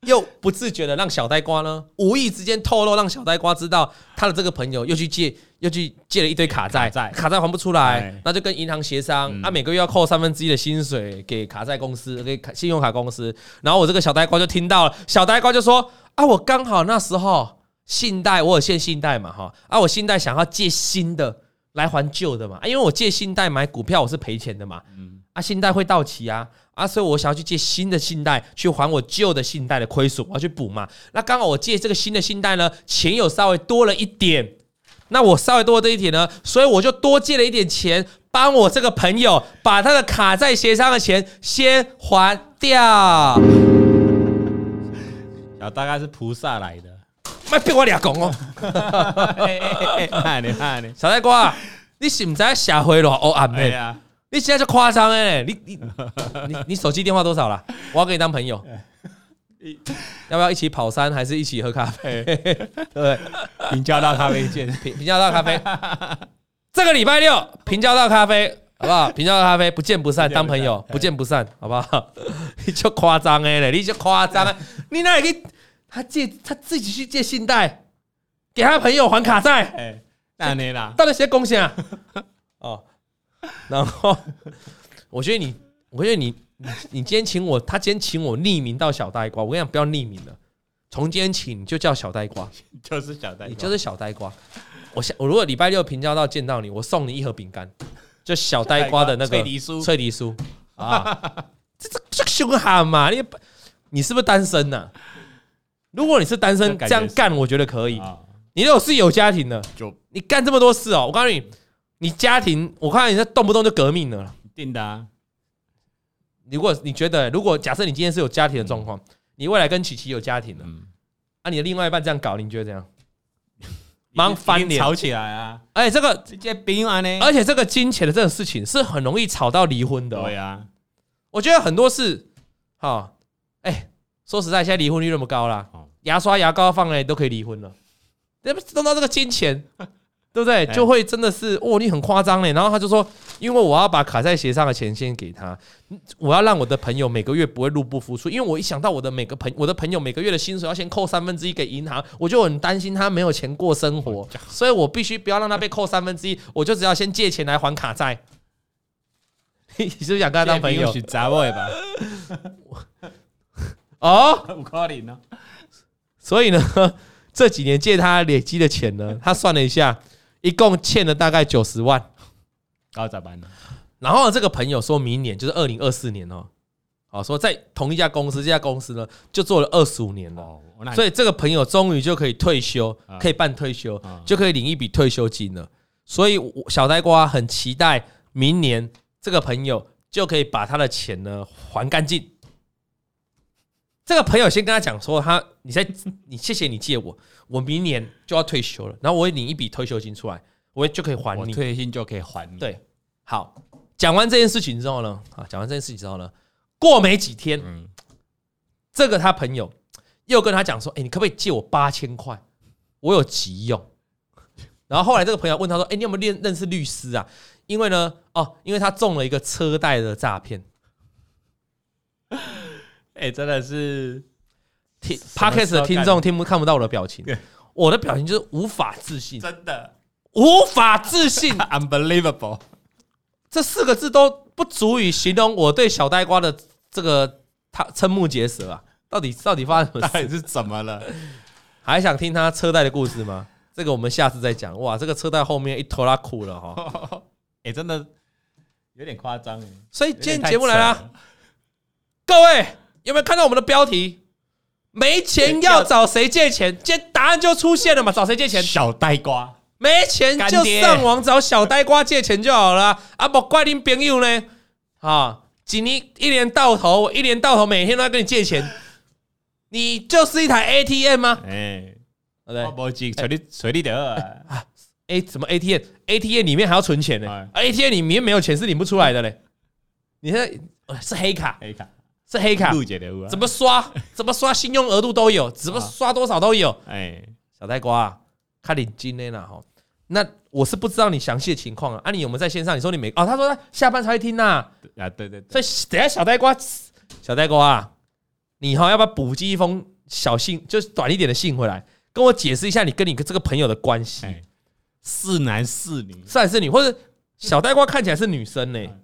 又不自覺的讓小呆瓜呢，無意之間透露，讓小呆瓜知道他的這個朋友又去借，又去借了一堆卡債，卡債還不出來，那就跟銀行協商，啊，每個月要扣三分之一的薪水給卡債公司，給信用卡公司。然後我這個小呆瓜就聽到了，小呆瓜就說啊，我剛好那時候。信貸，我有限信貸嘛哈？啊，我信貸想要借新的來還舊的嘛？啊，因為我借信貸買股票，我是賠錢的嘛。嗯，啊，信貸會到期啊，啊，所以我想要去借新的信貸去還我舊的信貸的虧損，我要去補嘛。那剛好我借這個新的信貸呢，錢有稍微多了一點。那我稍微多了這一點呢，所以我就多借了一點錢，幫我這個朋友把他的卡在協商的錢先還掉。啊， 大概是菩薩來的。別逼我倆講哦！嗨你嗨你，傻呆瓜，你是唔知社會亂哦阿妹啊！你今仔只誇張誒！你你你手機電話多少啦？我要跟你當朋友，要不要一起跑山，還是一起喝咖啡？對，平交道咖啡見，平交道咖啡。這個禮拜六平交道咖啡，好不好？平交道咖啡不見不散，當朋友不見不散，好不好？你出誇張誒嘞！你出誇張啊！你哪裡去？他借他自己去借信貸，給他朋友還卡債。哎、欸，大內啦，到底誰貢獻啊？哦，然後我覺得你，我覺得你，你今天請我，他今天請我匿名到小呆瓜。我跟你講，不要匿名了，從今天起你就叫小呆瓜，就是小呆瓜，你就是小呆瓜。我下，我如果禮拜六平交道，見到你，我送你一盒餅乾，就小呆瓜的那個脆梨，梨酥，脆梨酥啊， 這這兇悍嘛？你你是不是單身呢、啊？如果你是單身，這樣幹我覺得可以。你如果是有家庭的，就你幹這麼多事哦、喔。我告訴你，你家庭，我看你在動不動就革命了，定的。如果你覺得，如果假設你今天是有家庭的狀況，你未來跟琪琪有家庭了，啊，你的另外一半這樣搞，你覺得怎樣？忙翻臉吵起來啊！哎，而且這個直接啊，而且這個金錢的這種事情是很容易吵到離婚的。對呀，我覺得很多事，哈，哎，說實在，現在離婚率那麼高了。牙刷、牙膏放嘞，都可以離婚了。那弄到這個金錢， 對不對？就會真的是，哦，你很誇張嘞。然後他就說，因為我要把卡債協商的錢先給他，我要讓我的朋友每個月不會入不敷出。因為我一想到我的每個朋，我的朋友每個月的薪水要先扣三分之一給銀行，我就很擔心他沒有錢過生活，所以我必須不要讓他被扣三分之一，3, 我就只要先借錢來還卡債。 你是不是想跟他當朋友？哦，我塊零哦。所以呢，這幾年借他累積的錢呢，他算了一下，一共欠了大概九十萬。然後咋辦呢？然後這個朋友說明年就是二零二四年哦，說在同一家公司，這家公司呢就做了二十五年了，所以這個朋友終於就可以退休，可以辦退休，就可以領一筆退休金了。所以小呆瓜很期待明年這個朋友就可以把他的錢呢還乾淨。這個朋友先跟他講說，他，你在，你謝謝你借我，我明年就要退休了，然後我也領一筆退休金出來，我也就可以還你，退休金就可以還你。對，好，講完這件事情之後呢，啊，講完這件事情之後呢，過沒幾天，這個他朋友又跟他講說，哎，你可不可以借我八千塊？我有急用。然後後來這個朋友問他說，哎，你有沒有認認識律師啊？因為呢，哦，因為他中了一個車貸的詐騙。哎，欸、真的是聽 podcast 的聽眾聽不看不到我的表情，我的表情就是無法置信，真的無法置信，unbelievable，這四個字都不足以形容我對小呆瓜的這個他瞠目結舌啊！到底到底發生什麼事？到底是怎麼了？還想聽他車貸的故事嗎？這個我們下次再講。哇，這個車貸後面一拖拉庫了哈！哎，真的有點誇張。所以今天節目來了，各位。有沒有看到我們的標題？沒錢要找誰借錢？這答案就出現了嘛？找誰借錢？小呆瓜，沒錢就上網找小呆瓜借錢就好了。爹啊，不怪你朋友呢。啊，幾年一年到頭，我一年到頭每天都要跟你借錢。你就是一台 ATM 嗎？哎、欸，對，花博機隨你隨你得啊。A 什麼 ATM？ATM 裡面還要存錢呢、欸。欸、ATM 裡面沒有錢是領不出來的嘞。你現在是黑卡？黑卡。是黑卡，怎麼刷？怎麼刷信用額度都有？怎麼刷多少都有？哎、啊，小呆瓜，看你今天哈。那我是不知道你詳細的情況啊。啊你有沒有在線上？你說你沒哦？他說他下班才會聽吶。啊，啊對對對。所以等下小呆瓜，小呆瓜你哈要不要補寄一封小信，就是短一點的信回來，跟我解釋一下你跟你這個朋友的關係、欸、是男是女，是男是女，或者小呆瓜看起來是女生呢、欸？嗯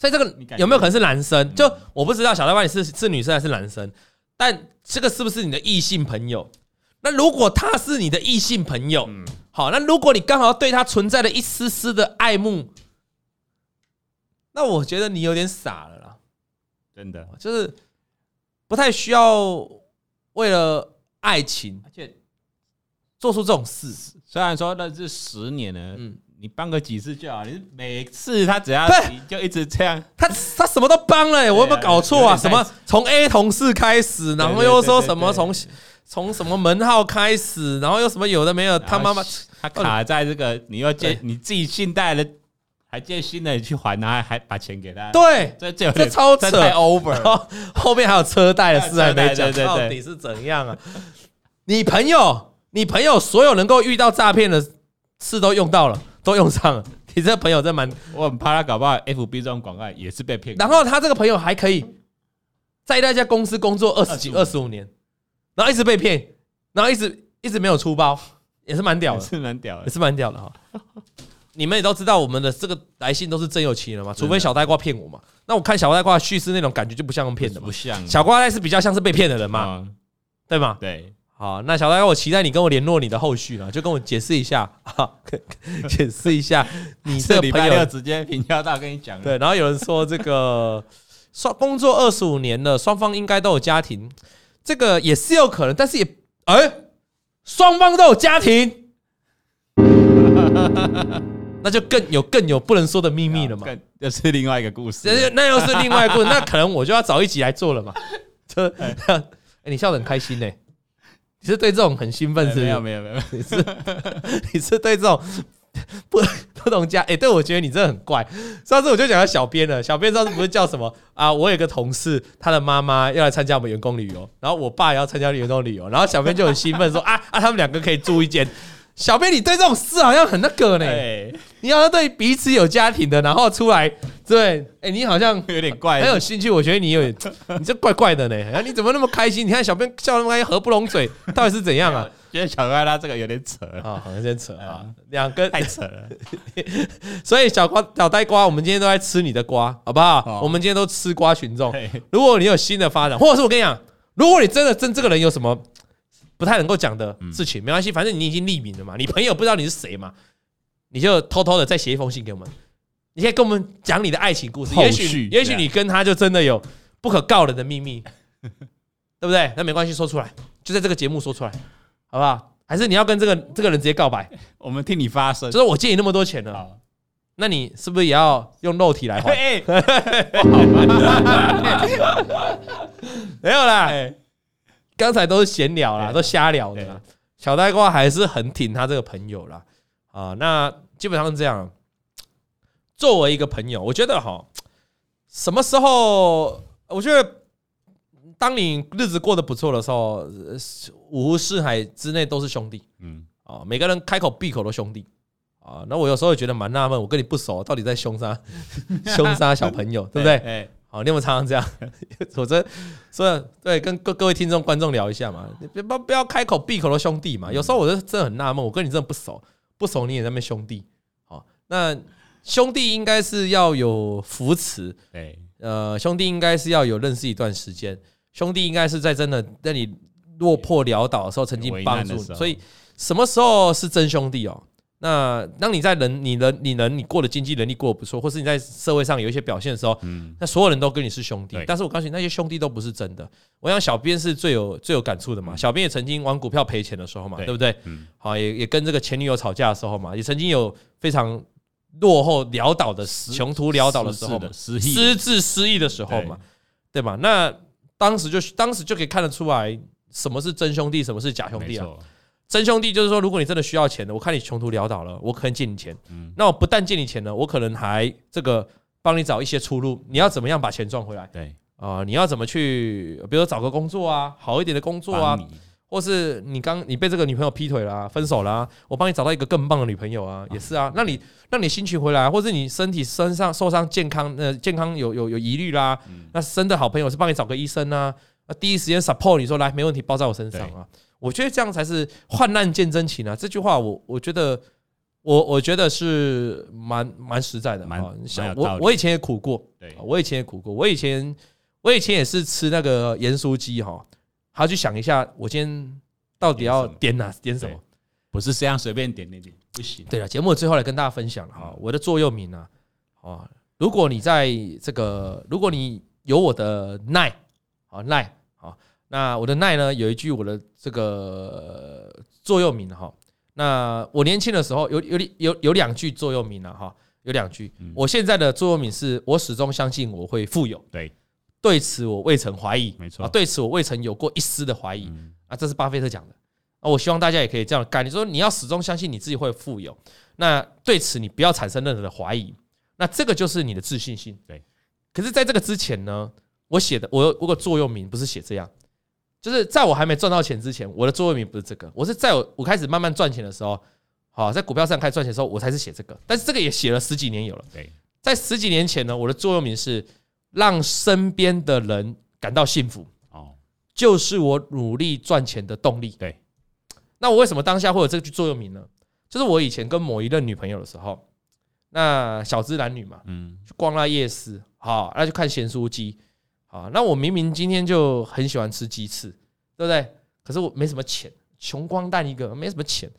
所以這個有沒有可能是男生？嗯、就我不知道小在外你是是女生還是男生，但這個是不是你的異性朋友？那如果他是你的異性朋友，嗯、好，那如果你剛好對他存在了一絲絲的愛慕，那我覺得你有點傻了啦，真的就是不太需要為了愛情，而且做出這種事。雖然說那是十年了，嗯你幫個幾次就好，你每次他只要你就一直這樣，他他什麼都幫了、欸，我有沒有搞錯啊？啊什麼從 A 同事開始，然後又說什麼從從什麼門號開始，然後又什麼有的沒有，他媽媽他卡在這個，你又借對你自己信貸的還借新的你去還呢？然後還把錢給他？對，這這超扯，over，後，後面還有車貸的事還沒講，對對對對對，到底是怎樣啊？ 你朋友，你朋友所有能夠遇到詐騙的事都用到了。都用上了，你這朋友真蠻，我很怕他搞不好，FB 這種廣告也是被騙。然後他這個朋友還可以在那家公司工作二十幾、二十五年，然後一直被騙，然後一直一直沒有出包，也是蠻屌的，是蠻屌的，也是蠻屌的哈。 哦、你們也都知道我們的這個來信都是真有其人嘛，除非小呆瓜騙我嘛。那我看小呆瓜敘事那種感覺就不像騙的嘛，不像小瓜帶是比較像是被騙的人嘛，嗯、對嗎？對。好，那小大哥，我期待你跟我聯絡你的後續了，就跟我解釋一下哈，解釋一下，啊、一下 你這個禮拜六直接評價到跟你講，對，然後有人說這個雙 工作二十五年了雙方應該都有家庭，這個也是有可能，但是也哎，雙、欸、方都有家庭， 那就更有更有不能說的秘密了嘛，更就是、了 又是另外一個故事，那又是另外一個故事，那可能我就要找一集來做了嘛，這 哎、欸，你笑得很開心呢、欸。你是對這種很興奮，是不是？沒有沒有沒有，沒有沒有你是 你是對這種不不同家哎、欸，對，我覺得你這很怪。上次我就講到小編了，小編上次不是叫什麼啊？我有一個同事，他的媽媽要來參加我們員工旅遊，然後我爸也要參加員工旅遊，然後小編就很興奮說 啊，啊，他們兩個可以住一間。小編，你對這種事好像很那個呢、欸，你要對彼此有家庭的，然後出來。對，哎、欸，你好像有點怪，很有興趣。 我覺得你有點，你這怪怪的呢。你怎麼那麼開心？你看小編笑那麼開心，合不攏嘴，到底是怎樣啊？覺得小瓜他這個有點扯啊、哦，好像有點扯啊、哦，兩、嗯、兩個太扯了。 所以小瓜，小呆瓜，我們今天都在吃你的瓜，好不好？哦、我們今天都吃瓜群眾。如果你有新的發展，或者是我跟你講，如果你真的真這個人有什麼不太能夠講的事情，嗯、沒關係，反正你已經匿名了嘛，你朋友不知道你是誰嘛，你就偷偷的再寫一封信給我們。你可以跟我們講你的愛情故事，也許也許你跟他就真的有不可告人的秘密，對不對？那沒關係，說出來，就在這個節目說出來，好不好？還是你要跟這個這個人直接告白？我們聽你發聲。就是我借你那麼多錢了，那你是不是也要用肉體來還？沒有啦，剛才都是閒聊啦，都瞎聊的啦。小呆瓜還是很挺他這個朋友啦。啊。那基本上是這樣。作為一個朋友，我覺得哈，什麼時候？我覺得當你日子過得不錯的時候，五湖四海之內都是兄弟，嗯每個人開口閉口都兄弟啊。那我有時候也覺得蠻納悶，我跟你不熟，到底在凶殺 凶殺小朋友， 對不對？哎、欸，好、欸，你有沒有常常這樣？否 則，所以對，跟各各位聽眾觀眾聊一下嘛，你不不要開口閉口的兄弟嘛。有時候我就真的很納悶，我跟你真的不熟，不熟你也在那邊兄弟，好那。兄弟應該是要有扶持，對呃，兄弟應該是要有認識一段時間，兄弟應該是在真的在你落魄潦倒、倒的時候曾經幫助你，所以什麼時候是真兄弟哦、喔？那當你在人，你能你能你、你過的經濟能力過得不錯，或是你在社會上有一些表現的時候，嗯、那所有人都跟你是兄弟，對但是我告訴你，那些兄弟都不是真的。我想小編是最有最有感觸的嘛，嗯、小編也曾經玩股票賠錢的時候嘛，對、對不對？嗯、好，也也跟這個前女友吵架的時候嘛，也曾經有非常。落後潦倒的窮途潦倒的時候，失智失意對 的時候嘛，對吧？那當時就當時就可以看得出來，什麼是真兄弟，什麼是假兄弟啊？真兄弟就是說，如果你真的需要錢的，我看你窮途潦倒了，我可以借你錢。那我不但借你錢呢，我可能還這個幫你找一些出路。你要怎麼樣把錢賺回來？啊，你要怎麼去？比如說找個工作啊，好一點的工作啊。或是你剛你被這個女朋友劈腿啦、啊，分手啦、啊，我幫你找到一個更棒的女朋友啊，也是啊，那你那你心情回來、啊，或是你身體身上受傷健康、呃，那健康有有有疑慮啦，那生的好朋友是幫你找個醫生啊，啊，那第一時間 support 你說來沒問題，包在我身上啊，我覺得這樣才是患難見真情啊，這句話我我覺得我我覺得是蠻蠻實在的，蠻我我以前也苦過，對，我以前也苦過，我以前我以前也是吃那個鹽酥雞哈。然後去想一下，我今天到底要點哪、啊、點什麼，點什麼？不是這樣隨便點點點，不行。對了，節目最後來跟大家分享哈，我的座右銘啊，啊、哦，如果你在這個，如果你有我的耐，好耐，好，那我的耐呢，有一句我的這個、呃、座右銘哈，那我年輕的時候有有有有兩句座右銘了哈，有兩句，嗯、我現在的座右銘是我始終相信我會富有，對。對此我未曾懷疑，沒錯啊。對此我未曾有過一絲的懷疑、嗯、啊，這是巴菲特講的啊。我希望大家也可以這樣幹，你說你要始終相信你自己會富有，那對此你不要產生任何的懷疑，那這個就是你的自信心。可是在這個之前呢，我寫的我我座右銘不是寫這樣，就是在我還沒賺到錢之前，我的座右銘不是這個，我是在我，我開始慢慢賺錢的時候，好在股票上開始賺錢的時候，我才是寫這個，但是這個也寫了十幾年有了。對，在十幾年前呢，我的座右銘是讓身邊的人感到幸福，oh. 就是我努力賺錢的動力對。那我為什麼當下會有這句座右銘呢？就是我以前跟某一任女朋友的時候，那小資男女嘛，嗯，去逛那夜市，好，那就看鹹酥雞，好，那我明明今天就很喜歡吃雞翅，對不對？可是我沒什麼錢，窮光蛋一個，沒什麼錢，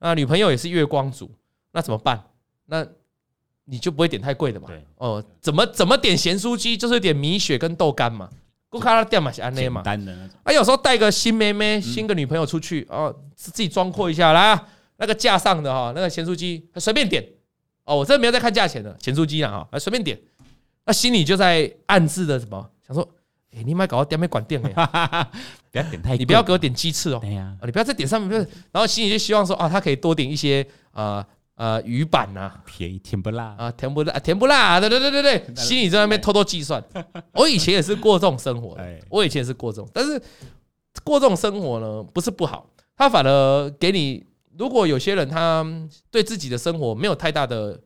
那女朋友也是月光族，那怎麼辦？那你就不會點太貴的嘛？對 哦，怎麼怎麼點鹹酥雞就是有點米血跟豆乾嘛？點是嘛，安簡單的那種。哎、啊，有時候帶個新妹妹、新個女朋友出去、嗯、哦，自己裝闊一下啦對、啊。那個架上的哈，那個鹹酥雞隨便點。哦，我真的沒有在看價錢的鹹酥雞啊，啊、哦、隨便點。那心裡就在暗自的什麼想說，哎，你買搞到點沒管店哈，不要點太，你不要給我點雞 翅哦。啊、你不要再點上面，然後心裡就希望說啊，他可以多點一些啊。呃呃，魚板吶、啊，便宜甜不辣啊，甜、啊、不辣啊，甜不辣啊，對對對對對，是心裡在那邊偷偷計算。是我以前也是過這種生活、哎、我以前也是過這種，但是過這種生活呢，不是不好，它反而給你，如果有些人他對自己的生活沒有太大的，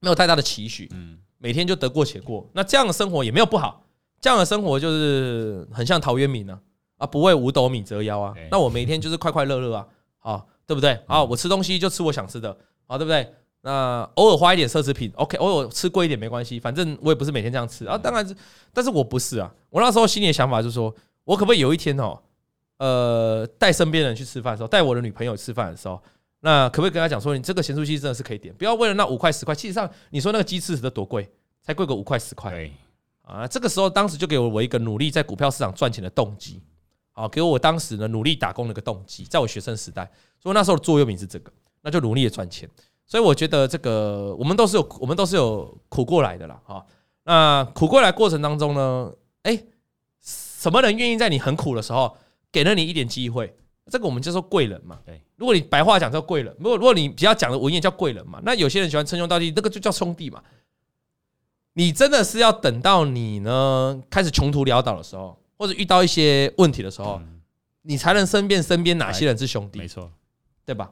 沒有太大的期許，嗯，每天就得過且過，那這樣的生活也沒有不好，這樣的生活就是很像陶淵明呢，啊，不為五斗米折腰啊，哎、那我每天就是快快樂樂啊，好、嗯啊，對不對？啊、嗯，我吃東西就吃我想吃的。啊，對不對？那、呃、偶爾花一點奢侈品，OK，偶爾吃貴一點沒關係，反正我也不是每天這樣吃啊。當然是，但是我不是啊。我那時候心裡的想法就是說，我可不可以有一天哦，呃，帶身邊人去吃飯的時候，帶我的女朋友吃飯的時候，那可不可以跟她講說，你這個鹹酥雞真的是可以點，不要為了那五塊十塊。事實上，你說那個雞翅得多貴，才貴個五塊十塊。對啊，這個時候當時就給我我一個努力在股票市場賺錢的動機，啊，給我當時呢努力打工的一個動機。在我學生時代，所以那時候的座右銘是這個。那就努力的賺錢，所以我覺得這個我們都是有我們都是有苦過來的啦，哈，那苦過來過程當中呢，哎，什麼人願意在你很苦的時候給了你一點機會？這個我們就說貴人嘛。對，如果你白話講叫貴人，如果如果你比較講的文言叫貴人嘛，那有些人喜歡稱兄道弟，這個就叫兄弟嘛。你真的是要等到你呢開始窮途潦倒的時候，或者遇到一些問題的時候，你才能分辨身邊哪些人是兄弟，沒錯，對吧？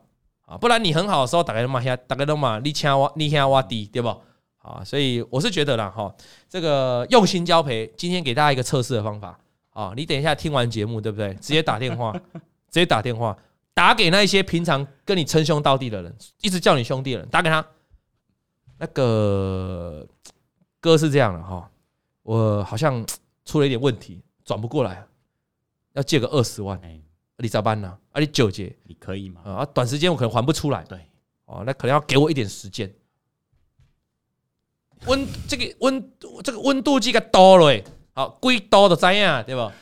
啊，不然你很好的時候，大家都嘛、嗯吧，大家都嘛，你欠我，你欠我低，對吧？啊，所以我是覺得啦，哈，這個用心交陪，今天給大家一個測試的方法啊，你等一下聽完節目，對不對？直接打電話，直接打電話，打給那一些平常跟你稱兄道弟的人，一直叫你兄弟的人，打給他。那個哥是這樣的哈，我好像出了一點問題，轉不過來，要借個二十萬。二十萬啊，啊你咋辦呢？而且糾你可以嗎？啊，短時間我可能還不出來。對，哦，那可能要給我一點時間。溫，這個溫，這個溫度計該嘞？好、啊，欸，歸倒就知影，對吧？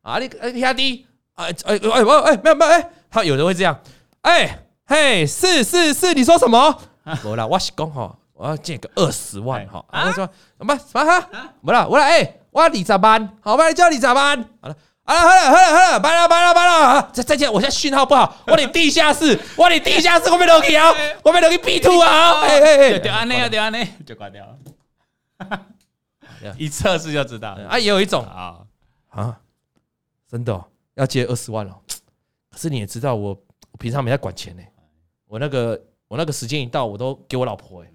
啊，你哎呀，你哎哎哎，沒有哎，沒有沒有哎，他有、欸、有人會這樣、欸。哎嘿，是是是，你說什麼？我來，我是講吼，我要借個二十萬哈、欸啊。然後、啊、說什麼什麼哈、啊啊啊啊啊啊？沒了，沒了，哎，我、欸、我要二十萬你咋辦？好吧，叫你咋辦？好了。啊，好了好了好了，拜了拜了拜了，了，了再再見！我現在訊號不好，我你，地下， 你地下室，我你地下室外面樓梯啊，外面樓梯 B two 啊，哎哎哎，掉阿內啊掉阿內，就掛掉了。一測試就知道了啊，也有一種啊好啊，真的，哦，要借二十萬哦。可是你也知道我，我平常沒在管錢呢。我那個我那個時間一到，我都給我老婆哎，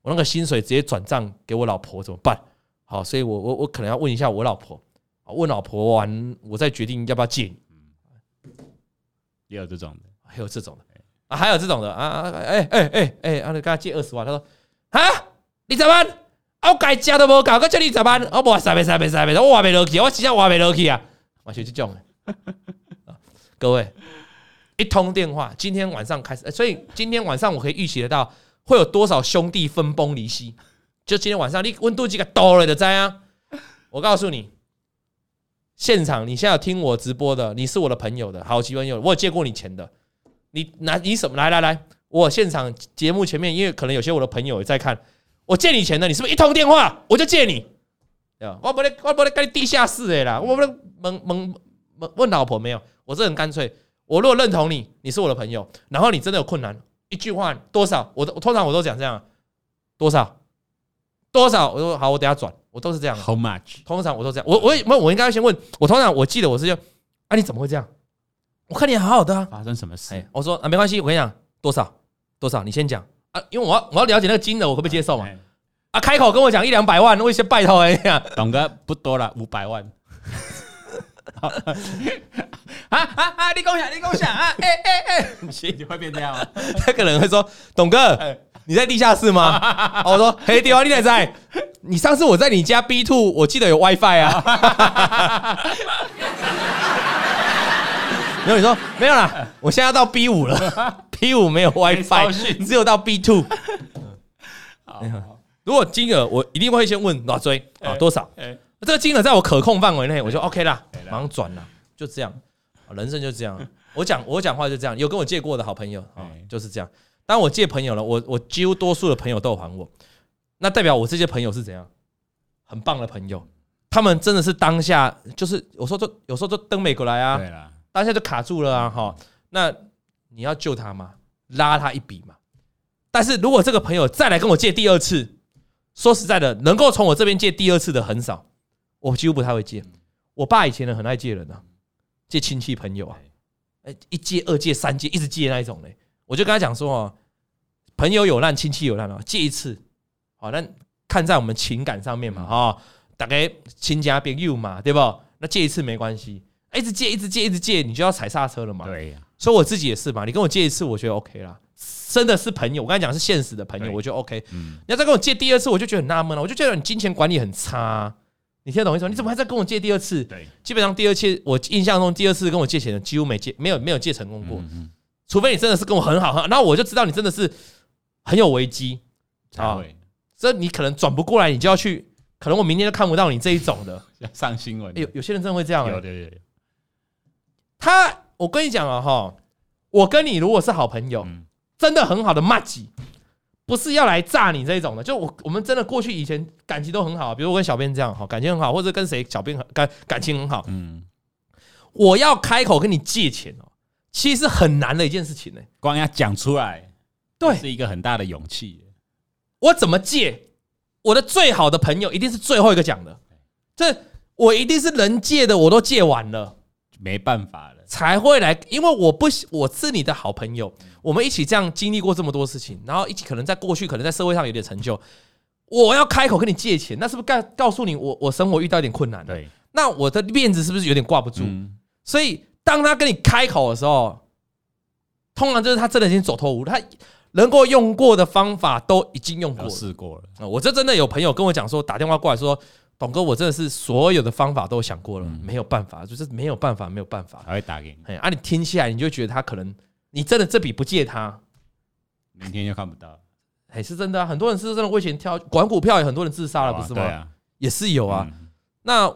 我那個薪水直接轉賬給我老婆怎麼辦？好，所以我我我可能要問一下我老婆。問老婆完，我再決定要不要借。嗯，也有這種的，還有這種的、欸、啊，還有這種的啊！哎哎哎哎！啊，德、欸、剛、欸欸欸啊、借二十萬，他說：“啊，你怎麼啊，我改嫁都無搞，哥叫你怎麼辦？”我不塞沒塞沒塞沒，我話沒落去，我直接話沒落去啊！完全這種。 啊，各位，一通電話，今天晚上開始，欸、所以今天晚上我可以預期得到會有多少兄弟分崩離析。就今天晚上，你溫度計給倒了就知道啊！我告訴你。現場，你現在有聽我直播的，你是我的朋友的好朋友，我有借過你錢的。你拿你什麼來？來來，我現場節目前面，因為可能有些我的朋友也在看，我借你錢的，你是不是一通電話我就借你？對吧？我不能，我不能跟你地下室的啦，我不能蒙蒙問老婆沒有？我這很乾脆，我如果認同你，你是我的朋友，然後你真的有困難，一句話多少？我都通常我都講這樣，多少多少，我說好，我等下轉。我都是這樣，通常我都是這樣。我我我我應該要先問，我通常我記得我是要啊，你怎麼會這樣？我看你好好的啊，發生什麼事？欸、我說啊沒關係，我跟你講多少多少，你先講啊，因為我要我要了解那個金額，我會不會接受嘛、啊？啊、欸、啊開口跟我講一兩百萬，我先拜托哎呀，你 董哥不多了五百萬， 啊啊啊！你共享你共享啊！哎哎哎，心、欸、就、欸、會變這樣啊？ 他可能會說董哥。欸你在地下室嗎？我說，嘿，電話你也在。你上次我在你家 B two，我記得有 WiFi 啊。然後你說沒有啦，我現在要到 B 五了，B 五沒有 WiFi，你只有到 B two。如果金額我一定會先問老追啊，多少？這個金額在我可控範圍內，我就 OK 啦，馬上轉了，就這樣。人生就這樣，我講我講話就這樣，有跟我借過的好朋友啊，就是這樣。當我借朋友了，我我幾乎多數的朋友都有還我，那代表我這些朋友是怎樣？很棒的朋友，他們真的是當下就是有時候就有時候就登美國來啊，啦當下就卡住了啊，哈，那你要救他嗎？拉他一筆嘛。但是如果這個朋友再來跟我借第二次，說實在的，能夠從我這邊借第二次的很少，我幾乎不太會借。我爸以前呢很愛借人的啊，借親戚朋友啊，對欸、一借二借三借，一直借那一種呢我就跟他講說哦，朋友有難，親戚有難了，借一次，好，那看在我們情感上面嘛，哈、嗯，大概親家變 you 嘛，對不？那借一次沒關係，一直借，一直借，一直借，你就要踩剎車了嘛。對呀、啊。所以我自己也是嘛，你跟我借一次，我覺得 OK 啦，真的是朋友，我跟你講是現實的朋友，對我覺得 OK。嗯、你要再跟我借第二次，我就覺得很納悶了，我就覺得你金錢管理很差，你聽得懂我意思嗎？你怎麼還在跟我借第二次？對。基本上第二次，我印象中第二次跟我借錢的，幾乎沒借，沒有沒有借成功過。嗯除非你真的是跟我很好，很好，那我就知道你真的是很有危機啊！好才會所以你可能轉不過來，你就要去，可能我明天就看不到你這一種的 上新聞。有、欸、有些人真的會這樣啊、欸！有的有有。他，我跟你講了哈，我跟你如果是好朋友，真的很好的麻吉，不是要來炸你這一種的。就我我們真的過去以前感情都很好，比如我跟小編這樣感情很好，或者跟誰小編感感情很好，嗯、我要開口跟你借錢其實很難的一件事情呢，光要講出來，對，是一個很大的勇氣。我怎麼借？我的最好的朋友一定是最後一個講的，這我一定是能借的，我都借完了，沒辦法了，才會來。因為我不，我是你的好朋友，我們一起這樣經歷過這麼多事情，然後一起可能在過去可能在社會上有點成就，我要開口跟你借錢，那是不是告告訴你我我生活遇到一點困難了？那我的面子是不是有點掛不住？所以。當他跟你開口的時候，通常就是他真的已經走投無路，他能夠用過的方法都已經用過了，試過了。我這真的有朋友跟我講說，打電話過來說，董哥，我真的是所有的方法都想過了，沒有辦法，就是沒有辦法，沒有辦法。他會打給你啊？你聽起來你就覺得他可能，你真的這筆不借他，明天又看不到。哎，是真的啊，很多人是真的為錢跳，管股票也很多人自殺了，不是嗎？也是有啊。那。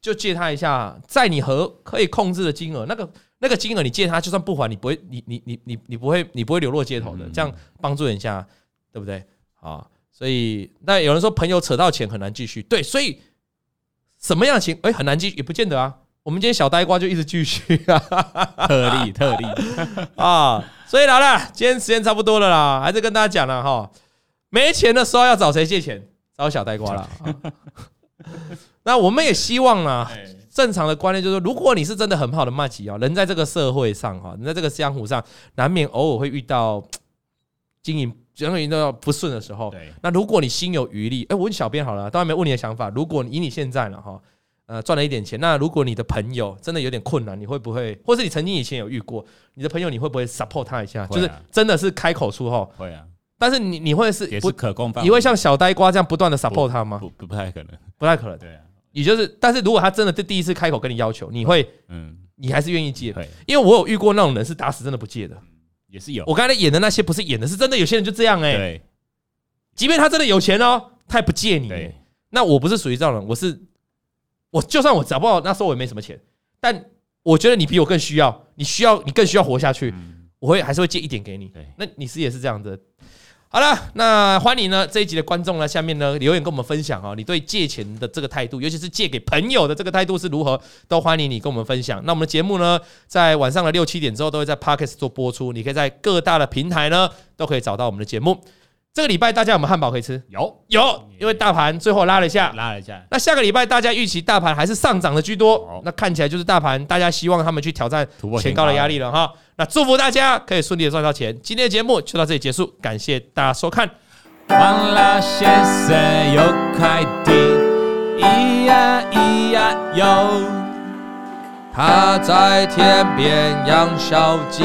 就借他一下，在你和可以控制的金額，那個那個金額你借他，就算不還，你不會，你你你你你不會，你不會流落街頭的，嗯、這樣幫助人家對不對？啊，所以那有人說朋友扯到錢很難繼續，對，所以什麼樣情哎、欸、很難繼續也不見得啊。我們今天小呆瓜就一直繼續啊， 特例特例 啊，所以老了，今天時間差不多了啦，還是跟大家講了哈，沒錢的時候要找誰借錢？找小呆瓜啦。 啊那我們也希望呢、啊，正常的觀念就是說，如果你是真的很好的麻吉哦、啊，人在這個社會上哈、啊，人在這個江湖上，難免偶爾會遇到經營、人和人都要不順的時候。對，那如果你心有餘力，哎，我問小編好了，到外面問你的想法。如果你以你現在了哈，呃，賺了一點錢，那如果你的朋友真的有點困難，你會不會，或是你曾經以前有遇過你的朋友，你會不會 support 他一下？就是真的是開口出吼。會啊。但是你你會是也是可供，你會像小呆瓜這樣不斷的 support 他嗎？不不太可能，不太可能。對啊。也就是，但是如果他真的這第一次開口跟你要求，你會，嗯，你還是願意借？對因為我有遇過那種人是打死真的不借的，也是有。我剛才演的那些不是演的，是真的。有些人就這樣哎、欸，對即便他真的有錢哦，他也不借你。對那我不是屬於這種人，我是，我就算我找不到，那時候我也沒什麼錢，但我覺得你比我更需要，你需要，你更需要活下去，嗯、我會還是會借一點給你。對那你是也是這樣的。好了，那歡迎呢，這一集的觀眾呢，下面呢留言，跟我們分享哈、哦，你對借錢的這個態度，尤其是借給朋友的這個態度是如何，都歡迎你跟我們分享。那我們的節目呢，在晚上的六七點之後都會在 Podcast 做播出，你可以在各大的平台呢都可以找到我們的節目。這個禮拜大家有沒有漢堡可以吃？有有，有，因為大盤最後拉了一下，拉了一下。那下個禮拜大家預期大盤還是上漲的居多，哦、那看起來就是大盤大家希望他們去挑戰前高的壓力了哈。那祝福大家可以順利的賺到錢。今天的節目就到這裡結束，感謝大家收看。他在天邊養小雞